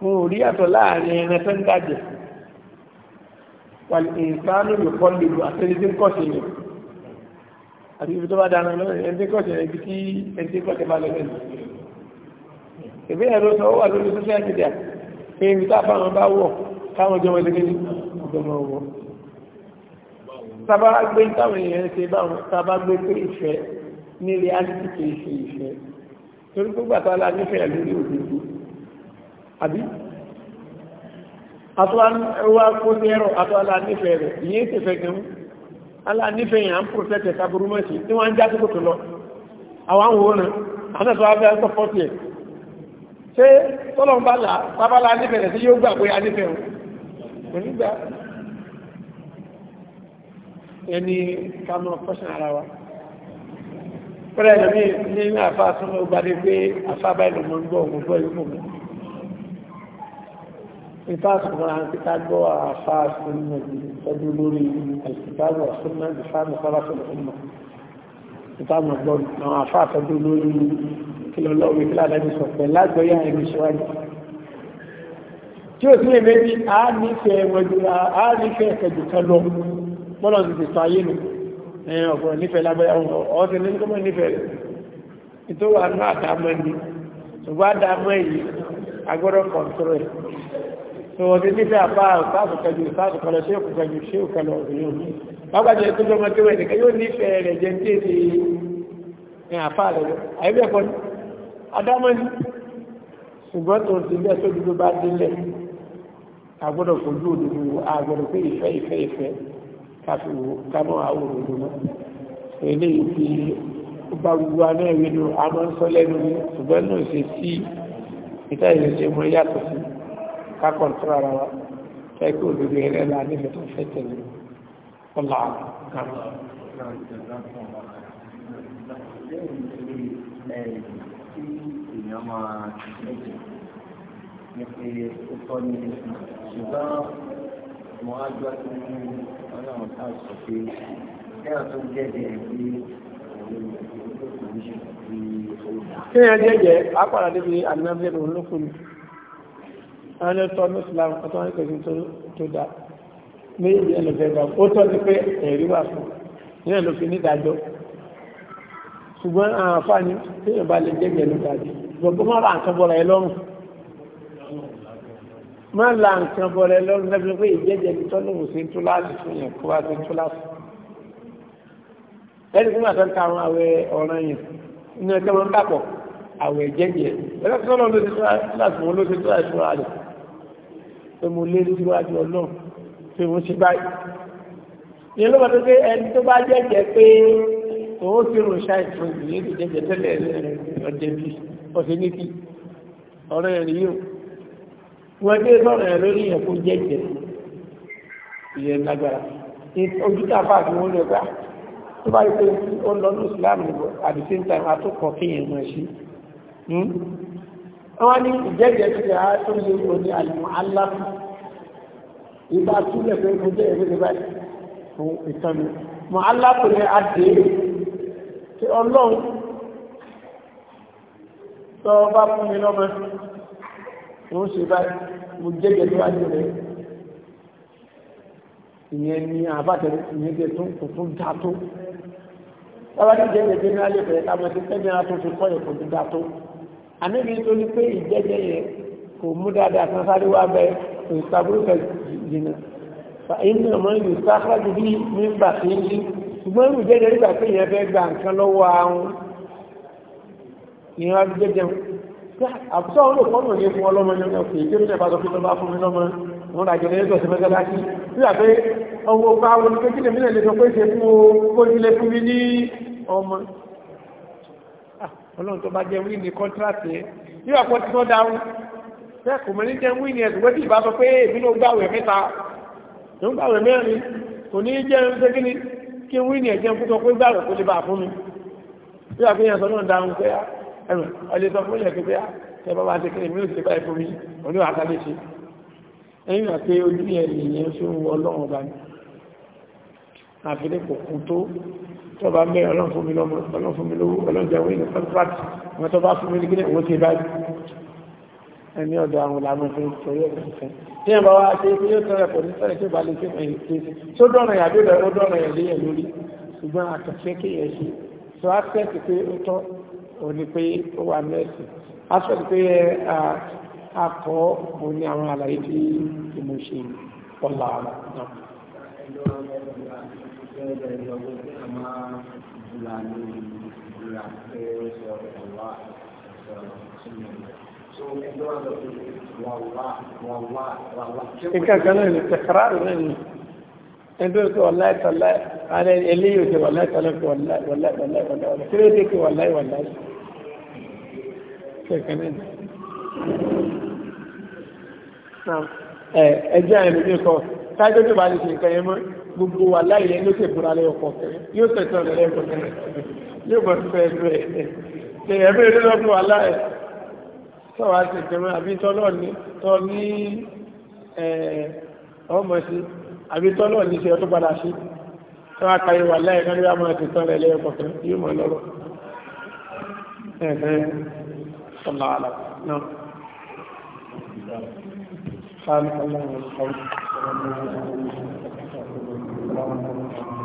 mo rí àtọ̀ láàrin ẹran tó ń dàjẹ̀ wàlì ìsánú ìkọ́ lèlú àtẹ́lẹ́dé ń kọ́sẹ̀ yẹn àti ibi tó bá dára náà ẹni tí kọ́sẹ̀ àwùjọ máa wọ̀ tàbá gbé táwọn èèyàn ṣe báwọn tàbá gbé pé ìfẹ́ ní reality kìí ṣe ìfẹ́ torí gbogbo àtàlà nífẹ̀ẹ́ lórí òdòdó àbí àtúwà kó ní ẹ̀rọ àtúwàlà nífẹ̀ẹ́ rẹ̀ ìyẹn ti fẹ́ gan alánífẹ̀ẹ́ yàn án protẹ́tẹ̀ taburú mọ́sí tí wọ́n ń já síkò tó lọ àwọn àwọn òun náà àwọn àtúwà bẹ́ẹ̀ ń tọ́ ẹ̀ ṣé tọ́lọ̀ ń bá là tábàlà nífẹ̀ẹ́ rẹ̀ sí yóò gbà pé anífẹ̀ẹ́ onígbà ẹni kàmọ́ pọ́ṣán ara wa pẹ́lẹ̀ ẹ̀lẹ́mí ní ní àfá súnmọ́ gbadé pé àfábá ìlòmọ́ ń gbọ́ òun gbọ́ ìlú mọ́ ìfá súnmọ́ àǹtíká gbọ́ àfá súnmọ́ ìtọ́jú lórí àìsíkáàbọ̀ súnmọ́ ìfáàmù sábàtọ̀lọ̀ ọmọ ìfáàmù gbọ́ àwọn àfá àtọ́jú lórí tí ó sí èméjì a nífẹ̀ẹ́ wẹ̀dùra a nífẹ̀ẹ́ ẹ̀kẹ̀jù kan lọ mọ́nà ti sọ ayé nù ọ̀pọ̀ nífẹ̀ẹ́ lágbàáyà ọ̀sẹ̀ ní kọ́mọ̀ nífẹ̀ẹ́ rẹ̀ ètò wà ní àdámọ́ ni ṣùgbọ́n àdámọ́ yìí agbọ́dọ̀ kọ̀ǹtọ́rọ̀ ẹ̀ tó wọ́n ti nífẹ̀ẹ́ àpá ìsáàtù kẹjù ìsáàtù kọlọ ṣé òkú kẹjù ṣé òkú kẹlọ òyìn lágbàjọ ètò ọmọ tí wọ́n ẹ̀dẹ̀kẹ́ yóò nífẹ̀ẹ́ rẹ̀ jẹ́ ní èdè ní àfà rẹ̀ àyẹ́bẹ̀ẹ́kọ́ ni àdámọ́ ni ṣùgbọ́n tó ti bẹ́ẹ̀ tó dúdú bá délẹ̀ agbọ́dọ̀ kojú òdodo wo agbọ́dọ̀ pé ìfẹ́ ìfẹ́ ìfẹ́ káfí wo kámọ́ àwọn òdodo gbogbo aná a máa ń sọ lẹ́nu ní ṣùgbọ́n náà ṣe sí ìta ìrẹsẹ̀ mọ́ yàtọ̀ sí kákọ̀ntúrà ara wa kẹ́kẹ́ òdodo ẹ̀rẹ́ la nífẹ̀ẹ́ tó fẹ́ tẹ̀lé
ọ̀la ní pé ó tọ́ ní ṣùgbọ́n mo á gbá tó ní ọlọ́run tá a sọ pé kẹ́hà tó jẹ́jẹ́ pé kéèyàn jẹ́jẹ́
apàdà débi àdínàbíyẹ̀ lòun ló fún mi àwọn ẹ̀tọ́ ní Islam ọ̀tọ́ ní pẹ̀lú tó dá méjì ẹlẹ́gbẹ̀ẹ́gbà ó tọ́ sí pé ẹ̀rí wà fún ní ẹ̀lọ́fin nídàájọ́ ṣùgbọ́n àwọn àfáàní tí ìbá lè jẹ́jẹ́ ló dájú gbogbo mọ́ra àkàbọ̀ra ẹ lọ́rùn má la nǹkan bọ̀rẹ̀ lọ́rùn lẹ́bi pé ìjẹ́jẹ́ ti tọ́lú òsín tó láti fún yẹn kó wá sí tó láti. ẹni tí wọ́n àtọ́ ka àwọn àwẹ̀ ọ̀ràn yẹn inú ẹ̀kẹ́ wọn dàpọ̀ àwẹ̀ jẹ́jẹ́ ẹ̀rọ tí wọ́n lọ sí láti wọn ló ti tó àìsàn rà rẹ̀ pé mo lé síwájú ọlọ́run pé mo ṣe báyìí. ìyẹn ló bá tó pé ẹni tó bá jẹ́jẹ́ pé òun ti rò ṣáìsàn ìyẹn ti jẹ́jẹ́ tẹ́lẹ̀ ọ̀jẹ̀bí ọ̀sẹ̀ ní wọ́n dé sọ̀rọ̀ ẹ̀ lórí yẹn kó jẹ́ jẹ́ ìyẹn lágbára ojú tí a lè gbá tó bá rí pé ó lọ ní Islam níbo at the same time atúkọ̀ kéèyàn mọ̀ sí hmm? wọ́n ní ìjẹ́jẹ́ ti rẹ̀ tó lè wọ ní àlùmọ́ aláàfin ìbá túlẹ̀ pé mo jẹ́ ìwé ìbá fún ìtọ́nu mọ̀ aláàfin ni a dé ọlọ́run tó bá fún mi lọ́mọ
wọ́n ṣe báyìí mo jẹ́jẹ́ níwájú rẹ̀
ìyẹn ni àbátẹ̀rẹ̀ ìyẹn jẹ́ tó kò tún dá tó tọ́wọ́ ní jẹ́jẹ́ jẹ́ ní alẹ́ bẹ̀rẹ̀ táwọn ti tẹ́jẹ́ náà tó fi kọ́ yẹn kò tún dá tó àníbi tó ní pé ìjẹ́jẹ́ yẹn kò mú dáadáa kan sáré wá bẹ ìsàbúrú kan jìnnà inú ọmọ ìlú sáfàjù bí nígbà tí ń yí ṣùgbọ́n ìlú jẹ́jẹ́ nígbà tí ìyẹn fẹ́ gba nǹkan lọ́wọ́ àwọn ìyẹn wá jẹ́jẹ́ àbúṣọ́ olè fọ́nà ní fún ọlọ́mọ ní ọkọ̀ èké nílẹ̀ bá sọ pé lọ́ba fún mi lọ́mọ wọn rà jẹ́rẹ́ ẹjọ́ sí mẹ́sàlásí tí àpé ọmọ ọgbà wọn pé kí lèmi lè sọ pé ṣe fún ó nílé fún mi ní ọmọ ah, ọlọ́run tó bá jẹ́ wí ní kọ́ńtíráàtì ẹ̀ yóò àpọ̀ tí wọ́n dáhùn bẹ́ẹ̀ kò mọ̀ ní jẹ́ wí ní ẹ̀sùn wẹ́tì ìbá sọ pé èmi ló gbàwẹ̀ mẹ́ta ló ń gbàwẹ̀ mẹ́rin kò ní jẹ́ ń ṣe kí ni kí wí ní ẹ̀jẹ̀ ń kú sọ pé gbàwẹ̀ kó lè bà fún mi yóò àpéyàn sọ náà dáhùn pé ah, ẹ̀rù ọlẹ́ sọ fún yẹn pé ṣe ah, bá máa kí èmi ò báyìí fún mi oníwà kálẹ̀ ẹ̀yìn náà ojú yẹn ṣe ń wọ ọlọ́run ọba ni àfi ní kò kú tó tọba mẹ́ ọlọ́run fún mi lọ́mọ ọlọ́run fún mi lówó ọlọ́run jẹun ìlú contract wọn tọba fún mi ní kílẹ̀ wọ́n ti báyìí ẹni ọ̀dọ̀ àwọn làmú fún torí ẹ̀rọ ìfẹ́ tí ẹ̀ bá wá ṣe pé yóò tọrọ ẹ̀kọ́ ní sọ̀rọ̀ tí ó bá lè ṣe fún ẹ̀yìn kéèsì tó dọ̀nà yà bí ó dọ̀nà yà léyẹ̀ lórí ṣùgbọ́n àkàṣe kéèyàn ṣe sọ access pé ó òní pé ó wà mẹ́sì aṣọ́dì pé akọ́ mo ní àwọn àlàyé tí mo ṣe ọ̀là náà
nǹkan kan náà ní tẹ̀kárà rẹ̀
náà ní nítorí pé wàláì tọ́lá ààrẹ eléyìí òṣè wàláì tọ́lá pé wàláì wàláì wàláì wàláì kí ló dé pé wàláì wàláì kẹ̀kẹ́ náà ẹjẹ́ àìrìn ní kọ́ tájọ́ tó bá lè ṣe nǹkan yẹn mọ́ gbogbo wàláì yẹn ló ṣe búra lẹ́yọ̀ kọ̀ọ̀kẹ́ yóò tẹ̀sán rẹ̀ lẹ́yọ̀ kọ̀ọ̀kẹ́ yóò bọ̀ fẹ́ rẹ̀ ṣe ẹ̀mí ìlú lọ́gbọ̀n wàláì tọ́wọ́ àti àbí tọ́lọ̀ ní ṣe ọtún padà sí tó wá kàrí wà láì kan níwá máa ti tán rẹ̀ lẹ́yìn kọ̀ọ̀kan yóò mọ̀ lọ́rọ̀
ẹ̀hẹ́n sọ̀lá àlà